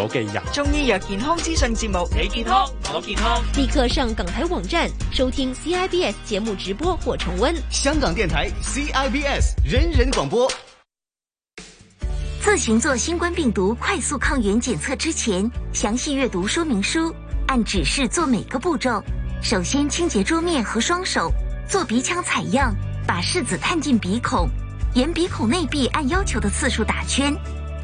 我嘅人，中醫藥健康資訊節目，你健康我健康，立刻上港台網站收聽 CIBS 節目直播或重溫香港電台 CIBS 人人廣播。自行做新冠病毒快速抗原檢測之前，詳細閱讀說明書，按指示做每個步驟。首先清潔桌面和雙手，做鼻腔採樣，把拭子探進鼻孔，沿鼻孔內壁按要求的次數打圈。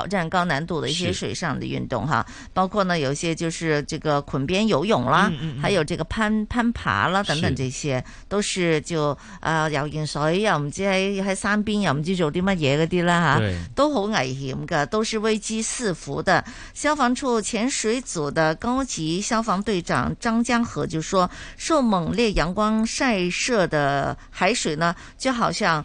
挑戰高難度的一些水上的運動哈，包括呢有些就是這個捆邊游泳啦，嗯嗯嗯還有這個攀攀爬啦等等這些，是都是就啊游完水又唔知喺喺山邊又唔知做啲乜嘢嗰啲啦吓，都好危險噶，都是危機四伏的。消防處潛水組的高級消防隊長張江河就說，受猛烈陽光曬射的海水呢，就好像。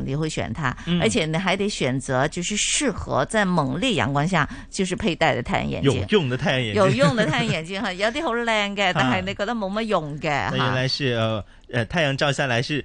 你會選它、嗯，而且你還得選擇就是適合在猛烈陽光下就是佩戴的太陽眼鏡。有用的太陽眼鏡， 有用的太陽眼鏡哈， 有啲好靚的、 啊，但係你覺得冇乜用的。哈、啊啊。原來是呃，呃，太陽照下來是。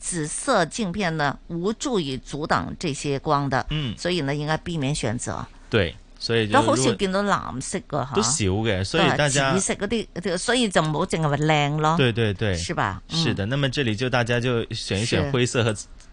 紫色鏡片呢無助於阻擋這些光的，嗯，所以呢應該避免選擇。對，所以就都好少見到藍色㗎，吓都少嘅，所以大家紫色嗰啲，所以就唔好淨係話靚咯。對對對，是吧？是的，嗯，那麼這裏就大家就選一選灰色和。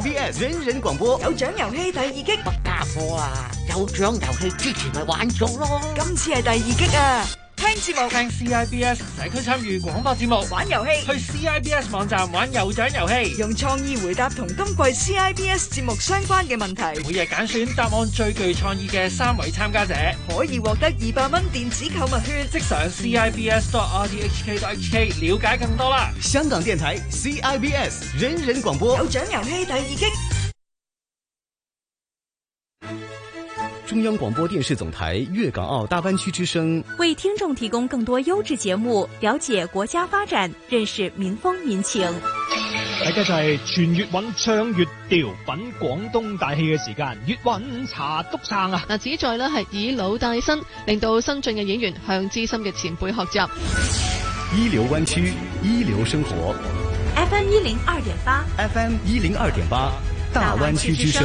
vs 人人廣播，有獎遊戲第二擊。不加貨啊！有獎遊戲之前咪玩咗咯。今次係第二擊啊！聽節目，聽 CIBS 社區參與廣播節目，玩遊戲，去 CIBS 網站玩有獎遊戲，用創意回答同今季 CIBS 節目相關嘅問題，每日揀選答案最具創意嘅三位參加者，可以獲得二百蚊電子購物券，即上 CIBS dot rthk dot hk 了解更多啦！香港電台 CIBS 人人廣播，有獎遊戲第二季。中央廣播電視總台粵港澳大灣區之聲為聽眾提供更多優質節目，了解國家發展，認識民風民情。大家就係全粵韻、唱粵調、品廣東大戲嘅時間，粵韻茶篤撐啊！嗱，旨在呢係以老帶新，令到新進嘅演員向資深嘅前輩學習。一流灣區，一流生活。FM 一零二點八。FM 一零二點八，大灣區之聲。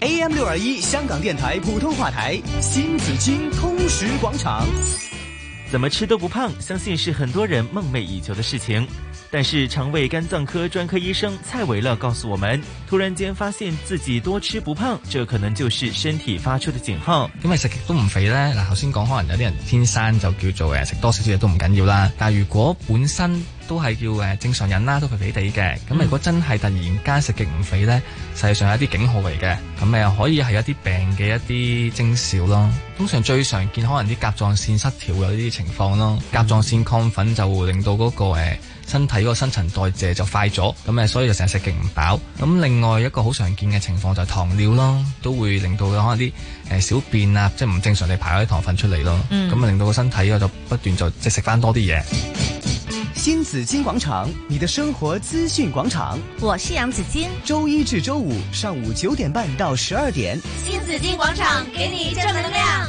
AM 六二一，香港電台普通話台新紫金通識廣場。怎麼吃都不胖，相信是很多人夢寐以求的事情。但是腸胃肝臟科專科醫生蔡維樂告訴我們，突然間發現自己多吃不胖，這可能就是身體發出的警號。因為食極都唔肥呢。嗱，頭先講可能有啲人天生就叫做誒食多少少嘢都唔緊要啦，但如果本身都係叫誒正常人啦，都肥肥地嘅。咁如果真係突然間食極唔肥咧，實際上係一啲警號嚟嘅。咁咪又可以係一啲病嘅一啲徵兆咯。通常最常見可能啲甲狀腺失調有呢啲情況咯，甲狀腺亢奮就會令到嗰個誒身體個新陳代謝就快咗，咁誒，所以就成日食極唔飽。咁另外一個好常見嘅情況就係糖尿咯，都會令到可能啲誒小便啊，即係唔正常地排嗰啲糖分出嚟咯。咁、嗯、啊，令到個身體個就不斷就即食翻多啲嘢。新紫荊廣場，你的生活資訊廣場，我是楊紫荊。周一至周五上午九點半到十二點，新紫荊廣場給你正能量。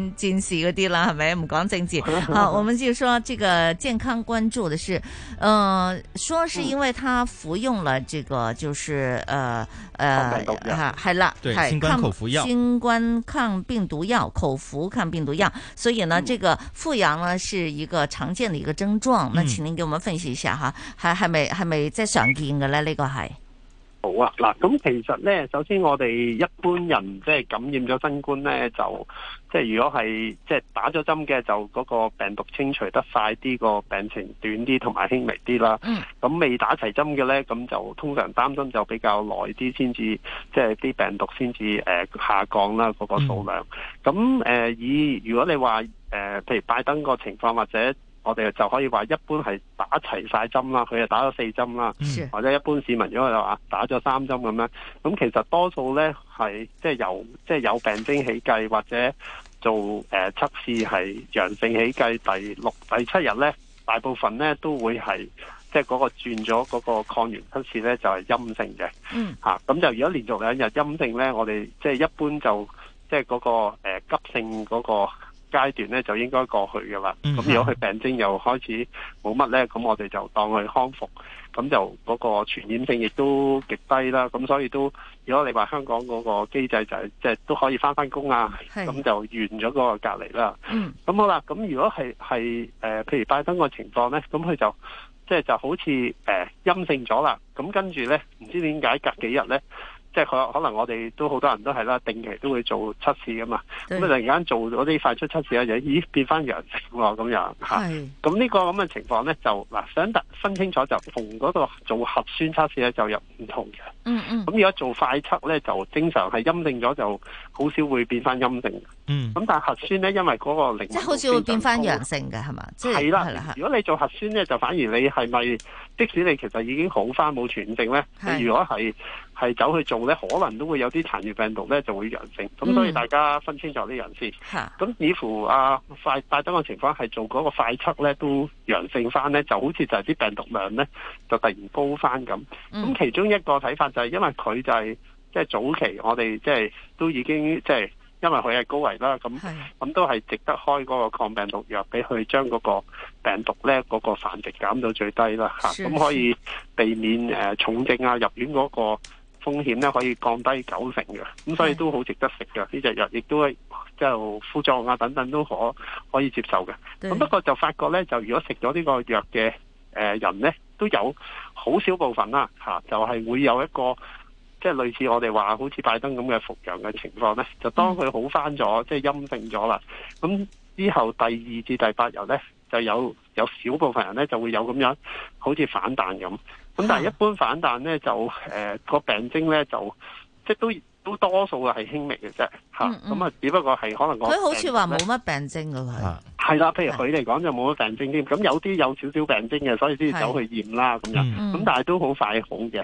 近視嗰啲啦，係咪唔講政治？ 好，我們就說這個健康關注的是，嗯、呃，說是因為他服用了這個，就是，呃，呃、嗯，哈、啊，係啦、啊，對，抗新冠口服藥，新冠抗病毒藥，口服抗病毒藥，所以呢，嗯、這個復陽呢是一個常見的一個症狀、嗯。那請您給我們分析一下哈，還還沒還沒再常見嘅咧，這個是好啊，嗱，咁其實咧，首先我哋一般人即係感染咗新冠咧，就即係如果係即係打咗針嘅，就嗰個病毒清除得快啲，個病情短啲，同埋輕微啲啦。嗯。咁未打齊針嘅咧，咁就通常擔心就比較耐啲，先至即係啲病毒先至誒下降啦，嗰個數量。咁誒，以如果你話誒，譬如拜登個情況或者。我哋就可以話一般係打齊晒針啦，佢就打咗四針啦，或者一般市民如果話打咗三針咁樣，咁其實多數呢係即係由即係、即係、有病徵起計，或者做誒測試係陽性起計，第六、第七日呢，大部分呢都會係即係嗰個轉咗嗰個抗原測試呢，就係陰性嘅。嗯、啊，咁就如果連續兩日陰性呢，我哋即係一般就即係嗰個、呃、急性嗰、嗰個。階段咧就應該過去嘅啦，咁如果佢病徵又開始冇乜咧，咁我哋就當佢康復，咁就嗰個傳染性亦都極低啦。咁所以都，如果你話香港嗰個機制就係即係都可以返返工啊，咁就完咗嗰個隔離啦。咁、嗯、好啦，咁如果係係誒，譬、呃、如拜登個情況咧，咁佢就即係、就是、就好似誒、呃、陰性咗啦，咁跟住咧唔知點解隔幾日咧？即係可可能我哋都好多人都係啦，定期都會做測試噶嘛。咁你突然間做嗰啲快速測試嘅嘢，咦變翻陽性喎咁樣咁呢、啊、個咁嘅情況咧，就嗱想分清楚就同嗰個做核酸測試咧就有唔同嘅。嗯嗯。咁如果做快測咧，就正常係陰性咗就好少會變翻陰性咁、嗯、但係核酸咧，因為嗰個靈敏度比較高，即係好少會變翻陽性㗎，係嘛？即係係啦。如果你做核酸咧，就反而你係咪即使你其實已經好翻冇傳症咧？你如果係。係走去做咧，可能都會有啲殘餘病毒咧，就會陽性。咁所以大家分清楚啲人先。咁、啊、似乎阿拜登嘅情況係做嗰個快測咧都陽性翻咧，就好似就係啲病毒量咧就突然高翻咁。咁、嗯、其中一個睇法就係因為佢就係即係早期我哋即係都已經即係、就係、因為佢係高危啦，咁咁都係值得開嗰個抗病毒藥俾佢將嗰個病毒咧嗰、嗰個繁殖減到最低啦。嚇，咁、啊、可以避免、呃、重症啊入院嗰、嗰個。風險咧可以降低九成嘅，咁所以都好值得食嘅呢隻藥，亦都即係副作用啊等等都可以可以接受嘅。咁不過就發覺咧，就如果食咗呢個藥嘅誒人咧，都有好少部分啦、啊、就係、是、會有一個即係、就是、類似我哋話好似拜登咁嘅復陽嘅情況咧。就當佢好翻咗，即、嗯、係、就是、陰性咗啦，咁之後第二至第八日咧，就有有少部分人咧就會有咁樣好似反彈咁。咁但係一般反彈咧就誒、呃嗯嗯、個病徵咧就即都都多數係輕微嘅啫，咁啊只不過係可能講佢好似話冇乜病徵咁。佢係啦，譬如佢嚟講就冇乜病徵添。咁有啲有少少病徵嘅，所以先至走去驗啦咁樣，咁、嗯、但係都好快好嘅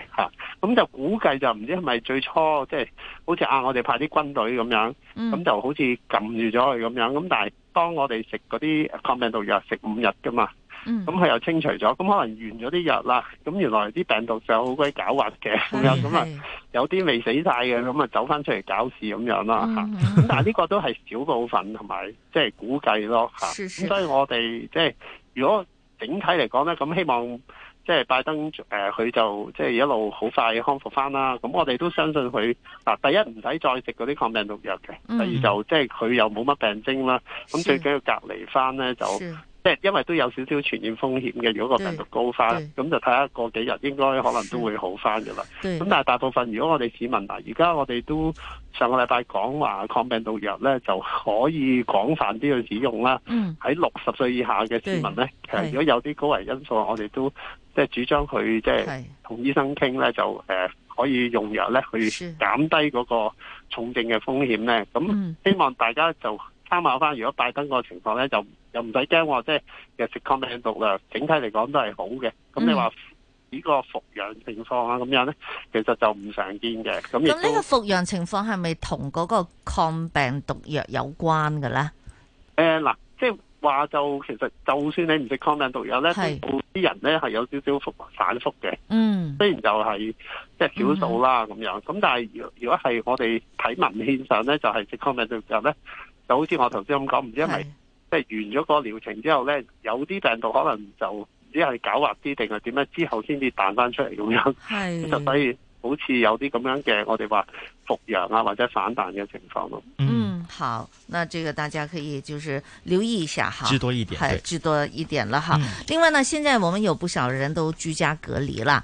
咁，就估計就唔知係咪最初即係、就是、好似啊我哋派啲軍隊咁樣，咁、嗯、就好似撳住咗佢咁樣，咁但係當我哋食嗰啲抗病毒藥食五日㗎嘛。咁、嗯、佢又清除咗，咁可能完咗啲藥啦，咁原來啲病毒就好鬼狡猾嘅，咁啊 有啲未死晒嘅，咁啊走翻出嚟搞事咁樣啦吓，咁但係呢個都係少部分同埋，即係估計咯吓，咁所以我哋即係如果整體嚟講咧，咁希望即係、就是、拜登，誒佢、呃、就即係、就是、一路好快康復翻啦，咁我哋都相信佢嗱第一唔使再食嗰啲抗病毒藥嘅、嗯，第二就即係佢又冇乜病徵啦，咁最緊要隔離翻咧就。即係因為都有少少傳染風險嘅，如果個病毒高翻，咁就睇下過幾日應該可能都會好翻噶啦。咁但係大部分，如果我哋市民嗱，而家我哋都上個禮拜講話抗病毒藥咧就可以廣泛啲去使用啦。喺六十歲以下嘅市民咧，其實如果有啲高危因素，我哋都即係主張去即係同醫生傾咧，就誒可以用藥咧去減低嗰個重症嘅風險咧。咁、嗯、希望大家就參考翻，如果拜登個情況咧，就又唔使驚話即係食抗病毒藥，整體嚟講都係好嘅。咁、嗯、你話呢個復陽情況啊，咁樣咧，其實就唔常見嘅。咁咁呢個復陽情況係咪同嗰個抗病毒藥有關嘅咧？誒、呃、嗱，即係話就其實，就算你唔食抗病毒藥咧，啲人咧係有少少復反復嘅。嗯，雖然就係即係少數啦咁樣。咁但係，如果係我哋睇文獻上咧，就係、是、食抗病毒藥咧。就好似我頭先咁講，唔知係咪即係完咗個療程之後咧，有啲病毒可能就唔知係狡猾啲定係點樣，之後先至彈翻出嚟咁樣，就所以好似有啲咁樣嘅，我哋話復陽啊或者反彈嘅情況咯。嗯，好，那這個大家可以就是留意一下哈，知多一點，知多一點啦哈、嗯。另外呢，現在我們有不少人都居家隔離啦。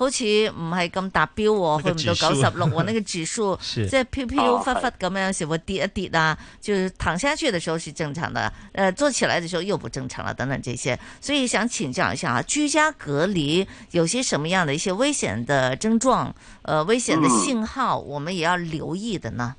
好似唔係咁達標喎、哦，去唔到九十六喎，呢個指數即係飄飄忽忽咁樣，時會跌一跌啊，啊就是、躺下去嘅時候是正常的，誒、呃，坐起來嘅時候又不正常了，等等這些，所以想請教一下啊，居家隔離有些什麼樣的一些危險的症狀，誒、呃，危險的信號，我們也要留意的呢？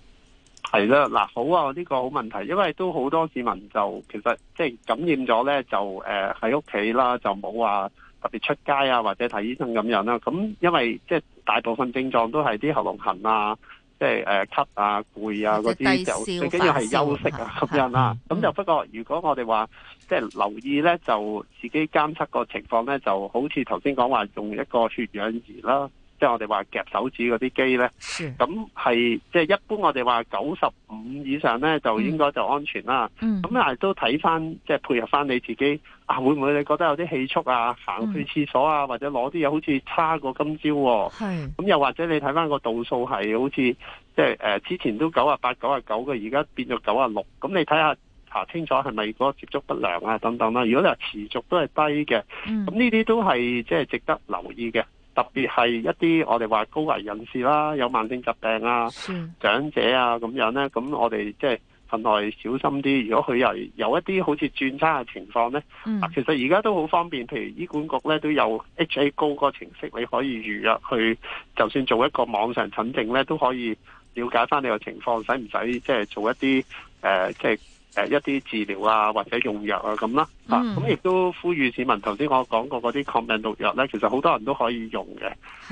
係、嗯、啦，嗱，好啊，呢、這個好問題，因為都好多市民就其實即係感染咗咧，就誒喺屋企啦，就冇話、啊。特別出街啊，或者睇醫生咁樣啦、啊。咁因為即係大部分症狀都係啲喉嚨痕啊，即係誒咳啊、攰啊嗰啲，就最緊要係休息啊咁樣啦。咁、啊、就不過，嗯、如果我哋話即係留意咧，就自己監測個情況咧，就好似頭先講話用一個血氧儀啦。即係我哋話夾手指嗰啲機呢，咁係即係一般我哋話九十五以上呢，就應該就安全啦。咁但係都睇翻即係配合翻你自己啊，會唔會你覺得有啲氣促啊、行去廁所啊，嗯、或者攞啲嘢好似差過今朝喎、哦？咁又或者你睇翻個度數係好似即係誒之前都九啊八九啊九嘅，而家變咗九啊六。咁你睇下查清楚係咪嗰個接觸不良啊等等啦、啊。如果你話持續都係低嘅，咁呢啲都係即係值得留意嘅。特別係一啲我哋話高危人士啦，有慢性疾病啊、mm. 長者啊咁樣呢。咁我哋即係份內小心啲。如果佢又有，有一啲好似轉差嘅情況呢，mm. 其實而家都好方便。譬如醫管局呢，都有 H A 高個程式，你可以預約去，就算做一個網上診症呢，都可以了解翻你個情況，使唔使即係做一啲誒，即、呃、係。就是誒、呃，一啲治療啊，或者用藥啊咁啦嚇，咁、啊、亦、嗯、都呼籲市民。頭先我講過嗰啲抗病毒藥咧，其實好多人都可以用嘅。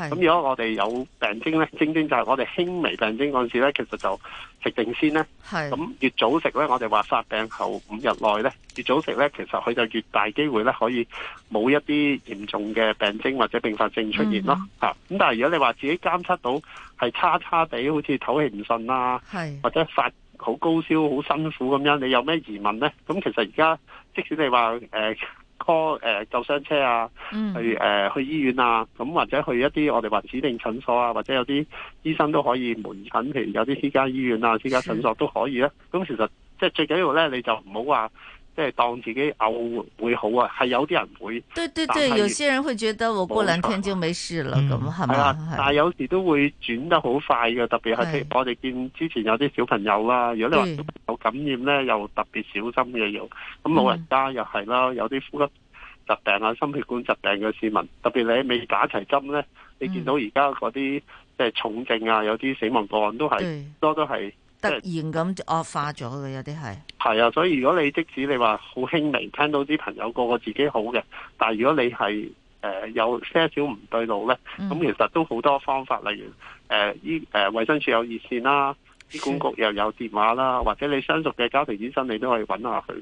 咁如果我哋有病徵咧，正正就係我哋輕微病徵嗰陣時咧，其實就食定先咧。係咁越早食咧，我哋話發病後五日內咧，越早食咧，其實佢就越大機會咧可以冇一啲嚴重嘅病徵或者併發症出現咯嚇。咁、嗯啊、但係如果你話自己監測到係差差地，好似唞氣唔順啊，或者發。好高燒，好辛苦咁樣，你有咩疑問呢？咁其實而家即使你話誒 call 誒救傷車啊，去誒、呃、去醫院啊，咁或者去一啲我哋話指定診所啊，或者有啲醫生都可以門診，譬如有啲私家醫院啊、私家診所都可以啊。咁其實即係、就是、最緊要呢，你就唔好話。即係當自己嘔會好啊，係有啲人會。對對對，有些人會覺得我過兩天就沒事了，咁係嘛？但係有時都會轉得好快嘅，特別係譬如我哋見之前有啲小朋友啦。如果你話有感染咧，又特別小心嘅要。咁老人家又係啦、嗯，有啲呼吸疾病啊、心血管疾病嘅市民，特別你未打齊針咧、嗯，你見到而家嗰啲即係重症啊，有啲死亡個案都係多都，都係突然咁惡化咗嘅，有啲係。係啊，所以如果你即使你話好輕微，聽到啲朋友個個自己好嘅，但係如果你係誒、呃、有些少唔對路呢，咁其實都好多方法，例如誒依誒衛生署有熱線啦，醫管局又有電話啦，或者你相熟嘅家庭醫生，你都可以揾下佢。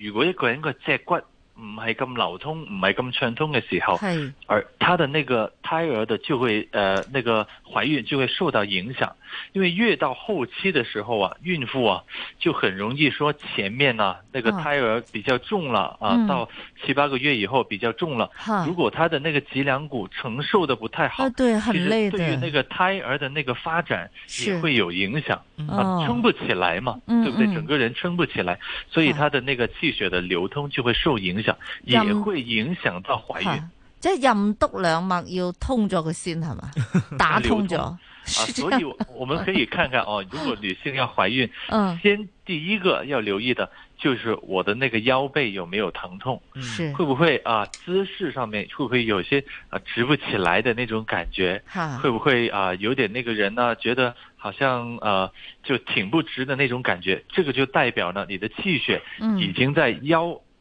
如果一個人個脊骨，唔係咁流通，唔係咁暢通嘅時候，而他的那個胎兒的就會呃那個懷孕就會受到影響。因為越到後期的時候啊，孕婦啊就很容易說前面呢、啊，那個胎兒比較重了啊，啊，到七八個月以後比較重了，嗯、如果他的那個脊梁骨承受得不太好，啊、對很累的，其實對於那個胎兒的那個發展也會有影響，嗯、啊，撐不起來嘛嗯嗯，對不對？整個人撐不起來、嗯，所以他的那個氣血的流通就會受影響。也會影響到懷孕，即係任督兩脈要通咗佢先係嘛？打通咗， 痛啊、 所以我們可以看看哦。如果女性要懷孕， 嗯，先第一個要留意的，就是我的那個腰背有沒有疼痛？是、嗯、會不會啊？姿勢上面會不會有些啊直不起來的那種感覺？ 會不會啊有點那個人呢、啊、覺得好像呃、啊、就挺不直的那種感覺？這個就代表呢你的氣血已經在腰、嗯。嗯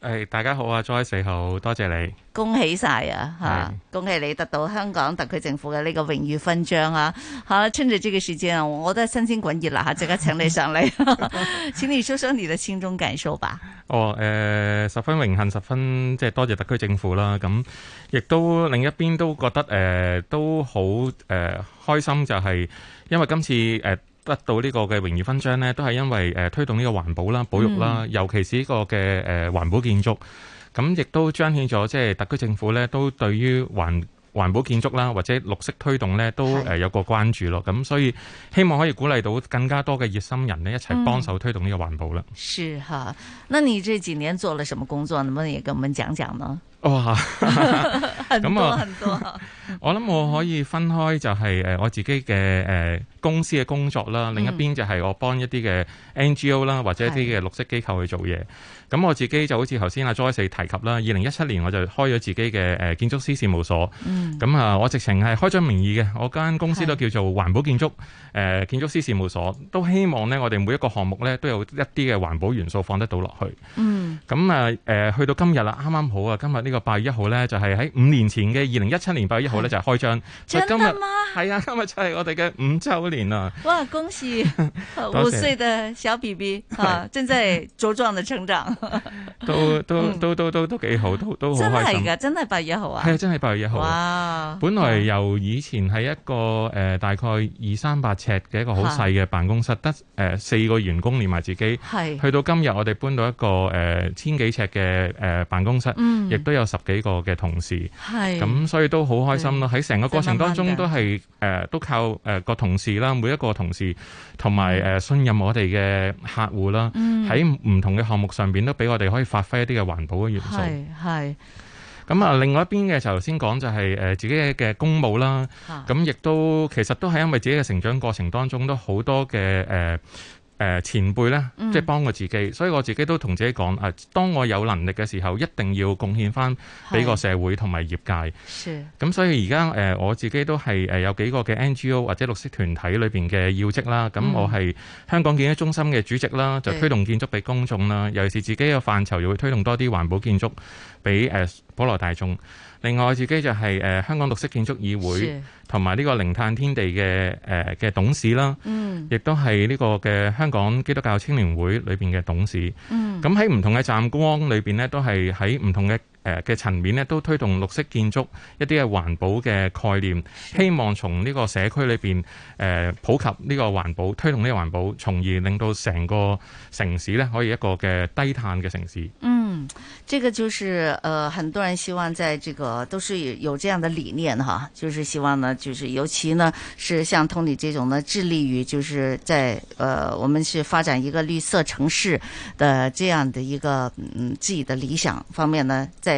誒、哎，大家好啊，joy 四號，多謝你，恭喜晒啊，吓、啊，恭喜你得到香港特區政府嘅呢個榮譽勳章啊！好、啊、吓，趁住呢個時間啊，我覺得新鮮滾熱啦吓，即刻請你上嚟， 請你說說你嘅心中感受吧。哦，誒、呃，十分榮幸，十分即係多謝特區政府啦。咁，亦都另一邊都覺得誒、呃，都好誒、呃、開心、就是，就係因為今次誒。呃得到呢個嘅榮譽勳章呢，都係因為誒、呃、推動呢個環保啦、保育啦，嗯、尤其是呢個嘅誒環保建築，咁亦都彰顯咗即係特區政府呢，都對於環環保建築啦，或者綠色推動呢，都誒有個關注咯。咁所以希望可以鼓勵到更加多嘅熱心人呢，一齊幫手推動呢個環保啦、嗯。是哈，那你這幾年做了什麼工作？能不能也跟我們講講呢？哦，咁 多 我諗我可以分開就係誒我自己嘅誒、呃、公司嘅工作啦，另一邊就係我幫一啲嘅 NGO 啦，或者一啲嘅綠色機構去做嘢。咁我自己就好似頭先阿 Joyce 提及啦，二零一七年我就開咗自己嘅誒、呃、建築師事務所。嗯。咁啊，我直情係開宗明義嘅，我間公司都叫做環保建築誒、呃、建築師事務所，都希望呢，我哋每一個項目呢，都有一啲嘅環保元素放得到落去。嗯。咁啊誒、呃、去到今日啦，啱啱好啊，今日呢個八月一號呢，就係喺五年前嘅二零一七年八月一號。就係、是、開張，今日係啊，今日就係我哋嘅五周年啊。哇，恭喜五歲嘅小 B B 啊，正在茁壯嘅成長， 都都都都都幾好，都 都好開心嘅，真係八月一號啊！係啊，真係八月一號啊！哇！本來由以前係一個誒、呃、大概二三百尺嘅一個好細嘅辦公室，得、啊、誒四個員工連埋自己，係去到今日我哋搬到一個誒、呃、千幾尺嘅誒辦公室，嗯，亦都有十幾個嘅同事，係咁，所以都好開心。嗯咁咯，喺成個過程當中都係誒，都靠誒個同事啦，每一個同事同埋誒信任我哋嘅客戶啦，喺唔同嘅項目上邊都俾我哋可以發揮一啲嘅環保嘅元素。係係。咁啊，另外一邊嘅就頭先講就係誒自己嘅公務啦。咁亦都其實都係因為自己嘅成長過程當中都好多嘅誒。誒前輩呢即係、就是、幫過自己、嗯，所以我自己都同自己講啊，當我有能力嘅時候，一定要貢獻翻俾個社會同埋業界。咁、嗯、所以而家、呃、我自己都係有幾個嘅 NGO 或者綠色團體裏面嘅要職啦。咁我係香港建築中心嘅主席啦，就推動建築俾公眾啦。尤其是自己嘅範疇，就會推動多啲環保建築俾誒、呃、普羅大眾。另外自己就係、是呃、香港綠色建築議會，同埋呢個零碳天地嘅嘅、呃、董事啦，亦、嗯、都係呢個嘅香港基督教青年會裏面嘅董事。咁喺唔同嘅站光裏面咧，都係喺唔同嘅。嘅層面咧，都推動綠色建築一啲嘅環保嘅概念，希望從呢個社區裏邊誒、呃、普及呢個環保，推動呢個環保，從而令到成個城市咧可以一個嘅低碳嘅城市。嗯，這個就是呃很多人希望在這個都是有這樣的理念哈，就是希望呢，就是尤其呢是像 Tony 這種呢，致力於就是在呃我們是發展一個綠色城市的這樣的一個嗯自己的理想方面呢，在。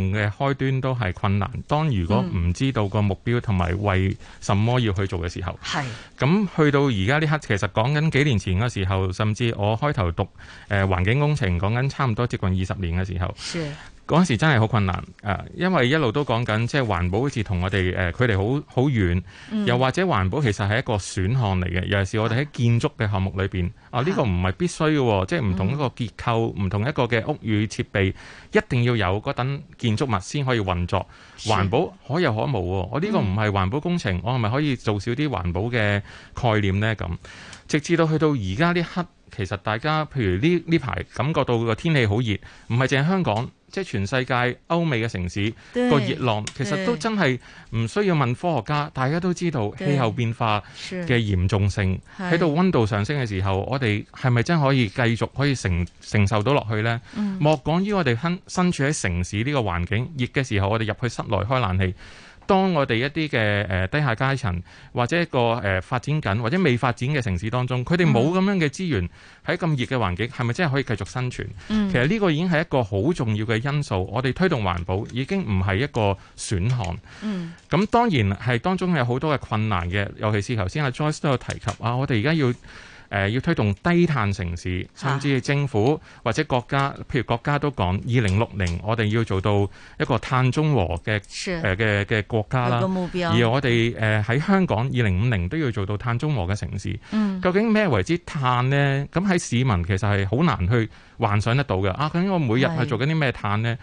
嘅開端都係困難。當如果唔知道個目標同埋為什麼要去做嘅時候，係咁、嗯、去到而家呢刻，其實講緊幾年前嘅時候，甚至我開頭讀、呃、環境工程，講緊差唔多接近二十年嘅時候。嗰時真係好困難，因為一路都講緊，即係環保好似同我哋誒距離好好遠，又或者環保其實係一個選項嚟嘅。尤其係我哋喺建築嘅項目裏面，啊，呢、呢個唔係必須嘅，即係唔同一個結構，唔、嗯、同一個嘅屋宇設備一定要有嗰等建築物先可以運作。環保可有可冇喎？我、啊、呢、呢個唔係環保工程，我係咪可以做少啲環保嘅概念呢？咁直至到去到而家呢刻，其實大家譬如呢呢排感覺到個天氣好熱，唔係淨係香港。即係全世界歐美嘅城市個熱浪，對其實都真係唔需要問科學家，對大家都知道氣候變化嘅嚴重性。喺度溫度上升嘅時候，我哋係咪真可以繼續可以承承受到落去呢？嗯、莫講於我哋身身處喺城市呢個環境，熱嘅時候我哋入去室內開冷氣，當我哋一啲嘅誒低下階層，或者一個誒發展緊或者未發展嘅城市當中，佢哋冇咁樣嘅資源，喺咁熱嘅環境，係咪真係可以繼續生存？嗯、其實呢個已經係一個好重要嘅因素。我哋推動環保已經唔係一個選項。咁、嗯、當然係當中有好多嘅困難嘅，尤其是頭先阿 Joyce 都有提及啊！我哋而家要。呃、要推動低碳城市，甚至政府或者國家，譬如國家都講，二零六零我哋要做到一個碳中和嘅誒嘅嘅國家啦。而我哋誒喺香港，二零五零都要做到碳中和嘅城市。究竟咩為之碳呢？咁喺市民其實係好難去幻想得到嘅啊！究竟我每日係做緊啲咩碳呢？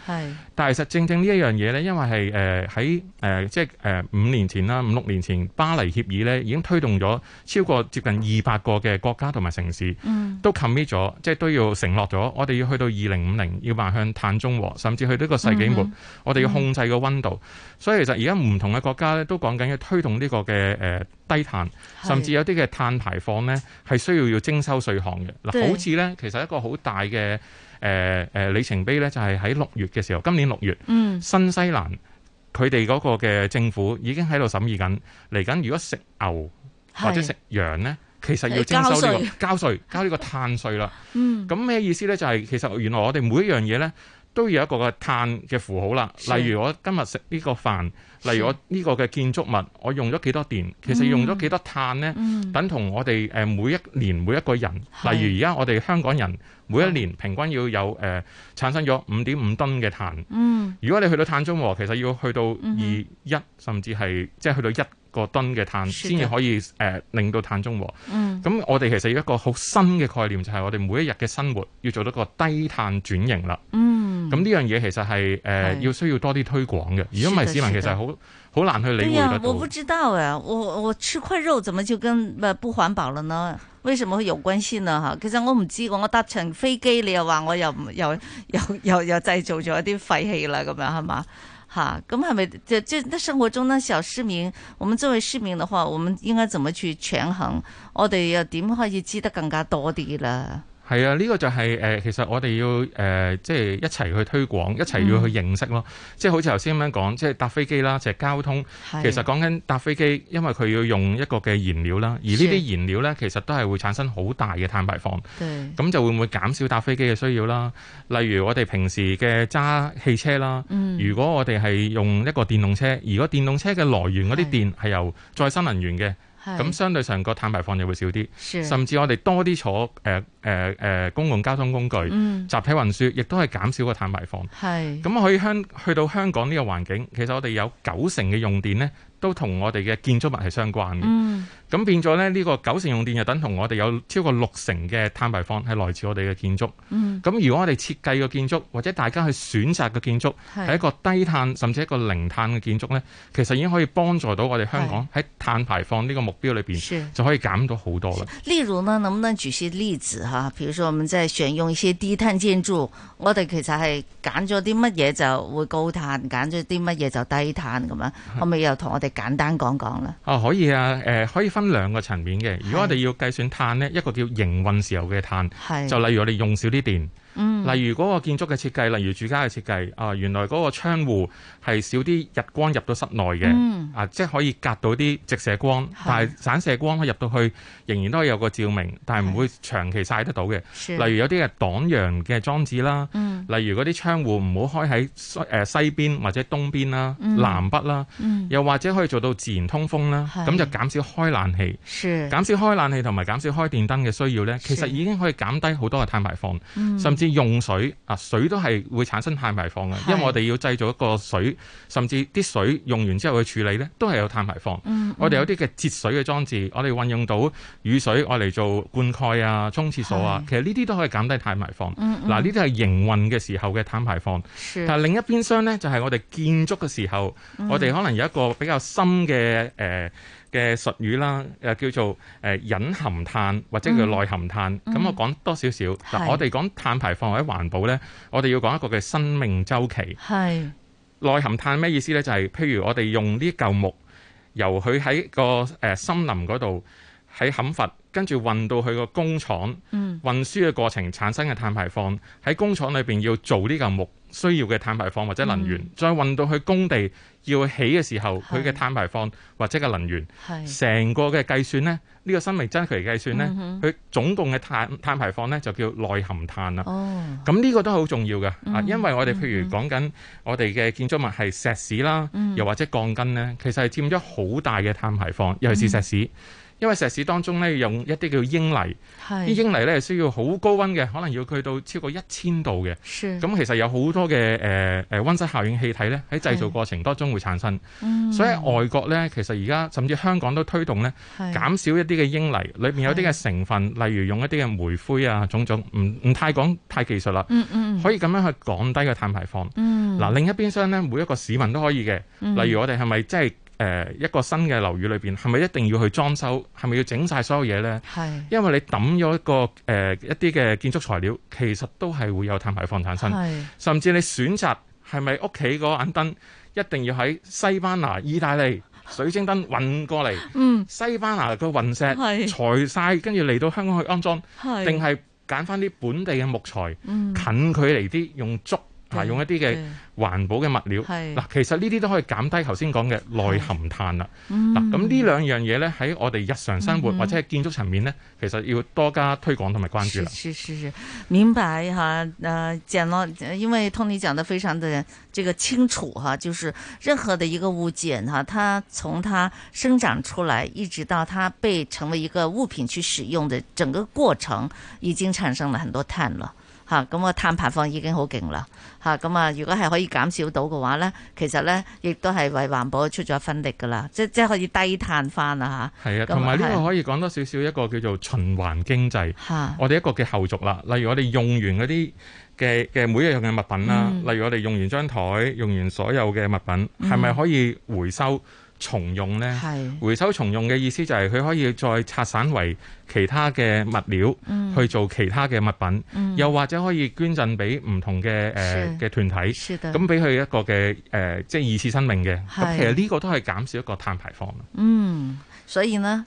但係其實正正呢一樣嘢咧，因為係誒喺誒即係誒五年前啦，五六年前巴黎協議咧已經推動咗超過接近二百個嘅國家同埋城市，嗯、都 commit 咗，即係都要承諾咗，我哋要去到二零五零要邁向碳中和，甚至去到呢個世紀末，嗯、我哋要控制個温度、嗯。所以其實而家唔同嘅國家咧，都講緊要推動呢個嘅誒。呃低碳，甚至有啲嘅碳排放呢，係需要要徵收稅項嘅。嗱，好似呢，其實一個好大嘅誒誒里程碑呢，就係喺六月嘅時候，今年六月，嗯、新西蘭佢哋嗰個嘅政府已經喺度審議緊嚟緊。如果食牛或者食羊呢，其實要徵收呢個交稅，交呢個碳稅啦。咁、嗯、咩意思呢？就係、是、其實原來我哋每一樣嘢呢。都要一個嘅碳嘅符號啦。例如，我今日食呢個飯，例如我呢個嘅建築物，我用咗幾多電？其實用咗幾多碳呢、嗯嗯？等同我哋每一年每一個人，例如而家我哋香港人每一年平均要有、呃呃、產生咗五點五噸嘅碳、嗯。如果你去到碳中和，其實要去到二一、嗯、甚至係即係去到一個噸嘅碳先至可以、呃、令到碳中和。咁、嗯、我哋其實有一個好新嘅概念，就係、是、我哋每一日嘅生活要做到個低碳轉型啦。嗯咁、嗯、呢樣嘢其實係誒，要需要多啲推廣嘅。如果唔係市民，其實好好難去理會得到、哎、呀我不知道啊，我我吃塊肉，怎麼就跟唔不環保了呢？為什麼會有關係呢？吓，其實我唔知我搭乘，乘飛機，你又話我又唔又又又又製造咗一啲廢氣啦，咁樣係嘛？吓，咁係咪？就就，那生活中呢小市民，我們作為市民的話，我們應該怎麼去權衡？我哋又點可以知得更加多啲啦？係啊，呢、這個就係、是、誒、呃，其實我哋要誒、呃，即係一齊去推廣，一齊要去認識咯、嗯。即係好似頭先咁樣講，即係搭飛機啦，即、就、係、是、交通。是其實講緊搭飛機，因為佢要用一個嘅燃料啦，而呢啲燃料呢，其實都係會產生好大嘅碳排放。咁是就會唔會減少搭飛機嘅需要啦？例如我哋平時嘅揸汽車啦，嗯、如果我哋係用一個電動車，如果電動車嘅來源嗰啲電係由再生能源嘅。咁相對上個碳排放就會少啲，甚至我哋多啲坐、呃呃、公共交通工具、嗯、集體運輸，亦都係減少個碳排放。係咁，可以香去到香港呢個環境，其實我哋有九成嘅用電呢都同我哋嘅建築物係相關嘅。嗯咁變咗咧，呢個九成用電就等同我哋有超過六成嘅碳排放係來自我哋嘅建築。咁、嗯、如果我哋設計嘅建築，或者大家去選擇嘅建築係一個低碳甚至一個零碳嘅建築呢，其實已經可以幫助到我哋香港喺碳排放呢個目標裏邊，就可以減到好多啦。例如呢，能唔能舉些例子吓？譬如說，我哋即係選用一些低碳建築，我哋其實係揀咗啲乜嘢就會高碳，揀咗啲乜嘢就低碳咁樣？可唔可以又同我哋簡單講講呢？哦，可以啊，誒、呃，可以。分兩個層面嘅，如果我哋要計算碳，呢一個叫營運時候嘅碳，就例如我哋用少啲電，嗯，例如嗰個建築嘅設計，例如住家嘅設計，啊，原來嗰個窗戶。係少啲日光入到室內嘅、嗯，啊，即係可以隔到啲直射光，是但係散射光可以入到去，仍然都可以有個照明，是但係唔會長期曬得到嘅。例如有啲係擋陽嘅裝置啦，嗯、例如嗰啲窗戶唔好開喺西西邊或者東邊啦、嗯、南北啦、嗯，又或者可以做到自然通風啦，咁就減少開冷氣，減少開冷氣同埋減少開電燈嘅需要呢，其實已經可以減低好多嘅碳排放、嗯，甚至用水啊，水都係會產生碳排放嘅，因為我哋要製造一個水。甚至啲水用完之後去處理呢，都係有碳排放。嗯嗯、我哋有啲嘅節水嘅裝置，我哋運用到雨水，我嚟做灌溉啊、沖廁所啊，其實呢啲都可以減低碳排放。嗱、嗯，呢啲係營運嘅時候嘅碳排放。但係另一邊廂呢，就係、是、我哋建築嘅時候，嗯、我哋可能有一個比較深嘅誒嘅術語啦，誒叫做誒隱、呃、含碳或者叫內含碳。咁、嗯、我講多少少。嗱，但我哋講碳排放或者環保呢，我哋要講一個嘅生命週期。係。內含碳咩意思呢？就係、是、譬如我哋用啲舊木，由佢喺個誒森林嗰度喺砍伐。跟住運到去個工廠，運輸嘅過程、嗯、產生嘅碳排放，喺工廠裏面要做呢個木需要嘅碳排放或者能源，嗯、再運到去工地要起嘅時候，佢嘅碳排放或者嘅能源，成個嘅計算呢，呢、呢個生命周期計算呢，佢、嗯、總共嘅碳碳排放呢，就叫內含碳啦。咁、哦、呢個都好重要嘅，啊、嗯，因為我哋譬如講緊我哋嘅建築物係石屎啦、嗯，又或者鋼筋呢，其實係佔咗好大嘅碳排放，尤其是石屎。嗯因為石屎當中咧用一啲叫英泥，啲英泥咧需要好高溫嘅，可能要去到超過一千度嘅。咁其實有好多嘅誒溫室效應氣體咧喺製造過程當中會產生，所以外國咧其實而家甚至香港都推動咧減少一啲嘅英泥，裏面有啲嘅成分，例如用一啲嘅煤灰啊種種，唔唔太講太技術啦、嗯嗯。可以咁樣去降低個碳排放。嗱、嗯啊，另一邊廂咧每一個市民都可以嘅，例如我哋係咪即係？誒、呃、一個新嘅樓宇裏邊，係咪一定要去裝修？係咪要整晒所有嘢呢？係。因為你抌咗一個誒、呃、一啲嘅建築材料，其實都係會有碳排放產生。係。甚至你選擇係咪屋企嗰眼燈一定要喺西班牙、意大利水晶燈運過嚟？嗯。西班牙個雲石，係。裁晒跟住嚟到香港去安裝，係。定係揀翻啲本地嘅木材、嗯，近距離啲用竹。啊、用一啲嘅環保嘅物料，嗱，其實呢啲都可以減低頭先講嘅內含碳啦。嗱，咁、嗯、呢、啊、兩樣嘢咧，喺我哋日常生活或者係建築層面咧，其實要多加推廣同埋關注啦。是是是，是，明白哈。誒，謝老，因為 Tony 講得非常的這個清楚哈，就是任何的一個物件哈，它從它生長出來一直到它被成為一個物品去使用的整個過程，已經產生了很多碳了。嚇，咁啊碳排放已經好勁啦，嚇，咁啊如果係可以減少到嘅話咧，其實咧亦都係為環保出咗一分力㗎啦，即即可以低碳翻啦嚇。係啊，同埋呢個可以講多少少一個叫做循環經濟，啊、我哋一個嘅後續啦。例如我哋用完嗰啲嘅嘅每一樣嘅物品啦、嗯，例如我哋用完張台、用完所有嘅物品，係、嗯、咪可以回收？重用呢，回收重用嘅意思就係佢可以再拆散為其他嘅物料、嗯，去做其他嘅物品、嗯，又或者可以捐贈俾唔同嘅誒嘅團體，咁俾佢一個嘅誒、呃、即係二次生命嘅。其實呢個都係減少一個碳排放。嗯，所以呢。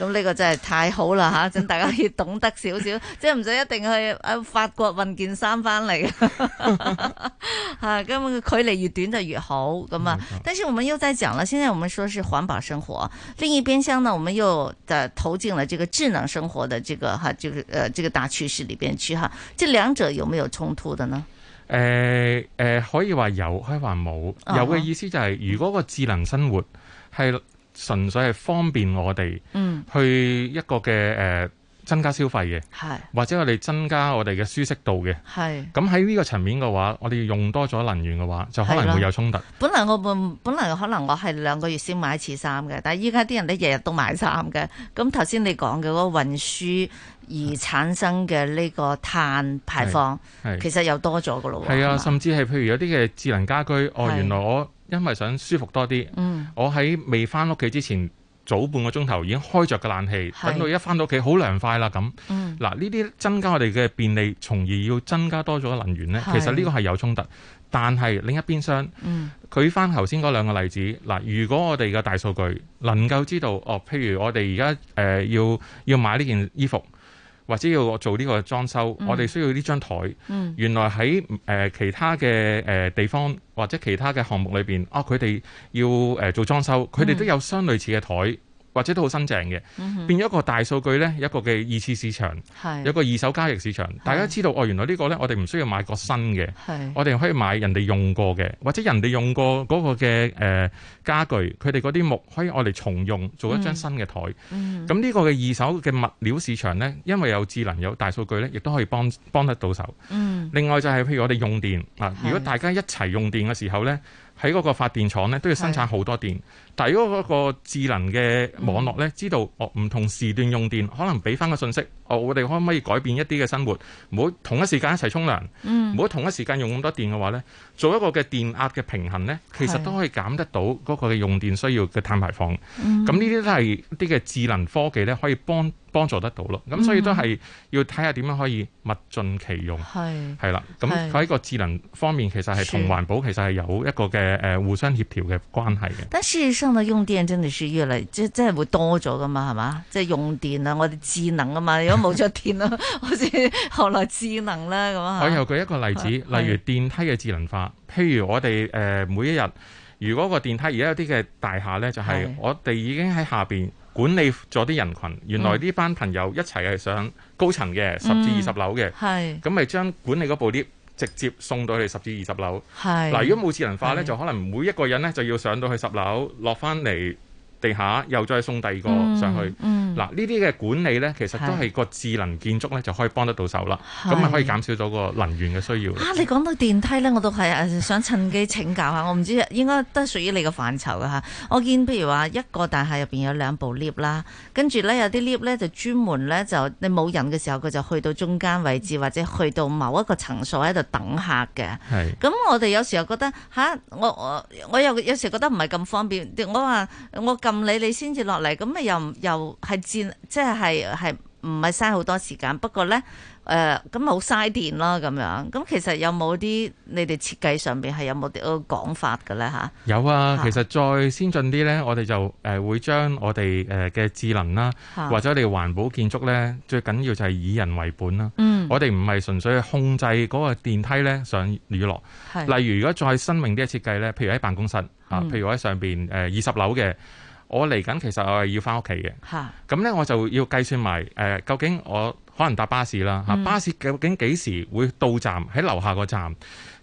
咁、這、呢個真係太好啦吓，等大家要懂得少少，即係唔使一定去喺法國運件衫翻嚟。係 咁 距離越短就越好咁啊。但是我們又再講啦，現在我們說是環保生活，另一邊廂呢，我們又誒投進了這個智能生活的這個哈，誒、這個、這個大趨勢裏邊去哈。這兩者有沒有衝突的呢？誒、呃、誒、呃，可以話有，可以話冇。有嘅意思就係、是，如果個智能生活係。純粹係方便我哋去一個嘅誒、嗯呃、增加消費嘅，或者我哋增加我哋嘅舒適度嘅。咁喺呢個層面嘅話，我哋用多咗能源嘅話，就可能會有衝突。本來我本本來可能我係兩個月先買一次衫嘅，但係依家啲人咧日日都買衫嘅。咁頭先你講嘅嗰個運輸而產生嘅呢個碳排放，其實又多咗嘅咯。係啊，甚至係譬如有啲嘅智能家居，哦，原來我。因為想舒服多啲、嗯，我喺未翻屋企之前，早半個鐘頭已經開着個冷氣，等到一翻到屋企好涼快啦咁。嗱，呢、嗯、啲增加我哋嘅便利，從而要增加多咗能源呢。其實呢個係有衝突。但係另一邊廂，舉翻頭先嗰兩個例子，嗱，如果我哋嘅大數據能夠知道，哦，譬如我哋而家呃，要要買呢件衣服。或者要做呢個裝修，嗯、我哋需要呢張台。嗯、原來喺、呃、其他嘅地方，或者其他嘅項目裏邊，啊佢哋要、呃、做裝修，佢哋都有相類似嘅台。或者都好新淨嘅，變咗一個大數據呢，一個嘅二次市場，有個二手交易市場。大家知道哦，原來呢個呢，我哋唔需要買個新嘅，我哋可以買人哋用過嘅，或者人哋用過嗰個嘅、呃、家具。佢哋嗰啲木可以我哋重用，做一張新嘅枱。咁呢個嘅二手嘅物料市場呢，因為有智能有大數據呢，亦都可以幫，幫得到手。另外就係譬如我哋用電，如果大家一齊用電嘅時候呢，喺嗰個發電廠呢，都要生產好多電。但係嗰個智能嘅網絡咧，知道哦唔同時段用電、嗯、可能俾翻個信息，哦我哋可唔可以改變一啲嘅生活，唔好同一時間一齊沖涼，唔、嗯、好同一時間用咁多電嘅話咧，做一個嘅電壓嘅平衡咧，其實都可以減得到嗰個嘅用電需要嘅碳排放。咁呢啲都係啲嘅智能科技咧，可以幫幫助得到咯。咁所以都係要睇下點樣可以物盡其用。係、嗯、係啦，咁佢喺個智能方面其實係同環保其實係有一個嘅誒互相協調嘅關係嘅。但係。生到用電真係是越嚟，即係真係會多咗噶嘛係嘛？即、就、係、是、用電啊！我哋智能噶嘛，如果冇咗電啊，好似後來智能啦。咁啊？佢又舉一個例子，例如電梯嘅智能化，譬如我哋誒、呃、每一日，如果個電梯而家有啲嘅大廈呢，就係、是、我哋已經喺下邊管理咗啲人群，原來呢班朋友一齊係上高層嘅十至二十樓嘅，係咁咪將管理嗰部 lift，直接送到去十至二十樓。如果冇智能化呢，就可能每一個人呢就要上到去十樓，落翻嚟。地下又再送第二個上去，嗱呢啲嘅管理咧，其實都係個智能建築咧，就可以幫得到手啦。咁咪可以減少咗個能源嘅需要。嚇、啊，你講到電梯咧，我都係誒想趁機請教下， 我唔知道應該都係屬於你嘅範疇嘅嚇。我見譬如話一個大廈入邊有兩部 lift 啦，跟住咧有啲 lift 咧就專門咧就你冇人嘅時候，佢就去到中間位置或者去到某一個層數喺度等客嘅。係。咁我哋有時候覺得吓，我我我又有，有時候覺得唔係咁方便。我話。我你,你來，你先至落嚟，咁咪又又係智，即係係係唔係嘥好多時間？不過咧，誒咁好嘥電咯，咁樣。咁其實有冇啲你哋設計上邊係有冇啲個講法嘅咧？吓，有啊。其實再先進啲咧，我哋就誒、呃、會將我哋誒嘅智能啦，或者我哋環保建築咧，最緊要就係以人為本啦。嗯，我哋唔係純粹控制嗰個電梯咧上與落。係，例如如果再新穎啲嘅設計咧，譬如喺辦公室啊，譬如我喺上邊誒二十樓嘅。嗯呃我嚟緊其實我係要翻屋企嘅，咁咧我就要計算埋、呃、究竟我可能搭巴士啦吓，巴士究竟幾時會到站喺樓下個站，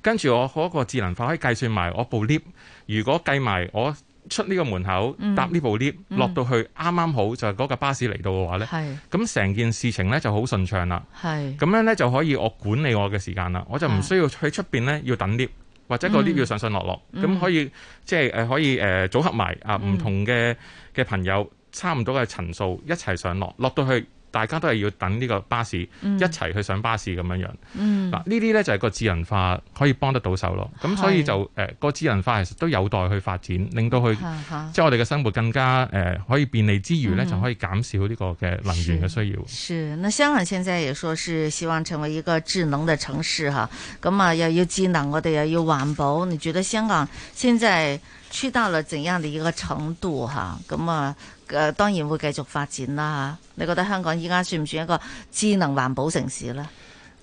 跟住我嗰個智能化可以計算埋我部 lift。如果計埋我出呢個門口搭呢、嗯、部 lift 落到去啱啱好就係嗰架巴士嚟到嘅話咧，咁成件事情咧就好順暢啦。咁樣咧就可以我管理我嘅時間啦，我就唔需要去出面咧要等 lift。或者個 lift 要上上落落，咁、嗯、可以即係、就是、可以誒、呃、組合埋啊唔、嗯、同嘅嘅朋友，差唔多嘅層數，一齊上落，落到去。大家都係要等呢個巴士一齊去上巴士咁樣、嗯、樣，嗱呢啲咧就係、是、個智能化可以幫得到手咯。咁、嗯、所以就誒、呃那個智能化其實都有待去發展，令到佢即係我哋嘅生活更加、呃、可以便利之餘咧、嗯，就可以減少呢個嘅能源嘅需要是。是，那香港現在也說是希望成為一個智能的城市哈，咁啊要有智能，我哋要有環保。你覺得香港現在去到了怎樣的一個程度哈？咁啊？誒，當然會繼續發展啦。你覺得香港依家算唔算一個智能環保城市呢？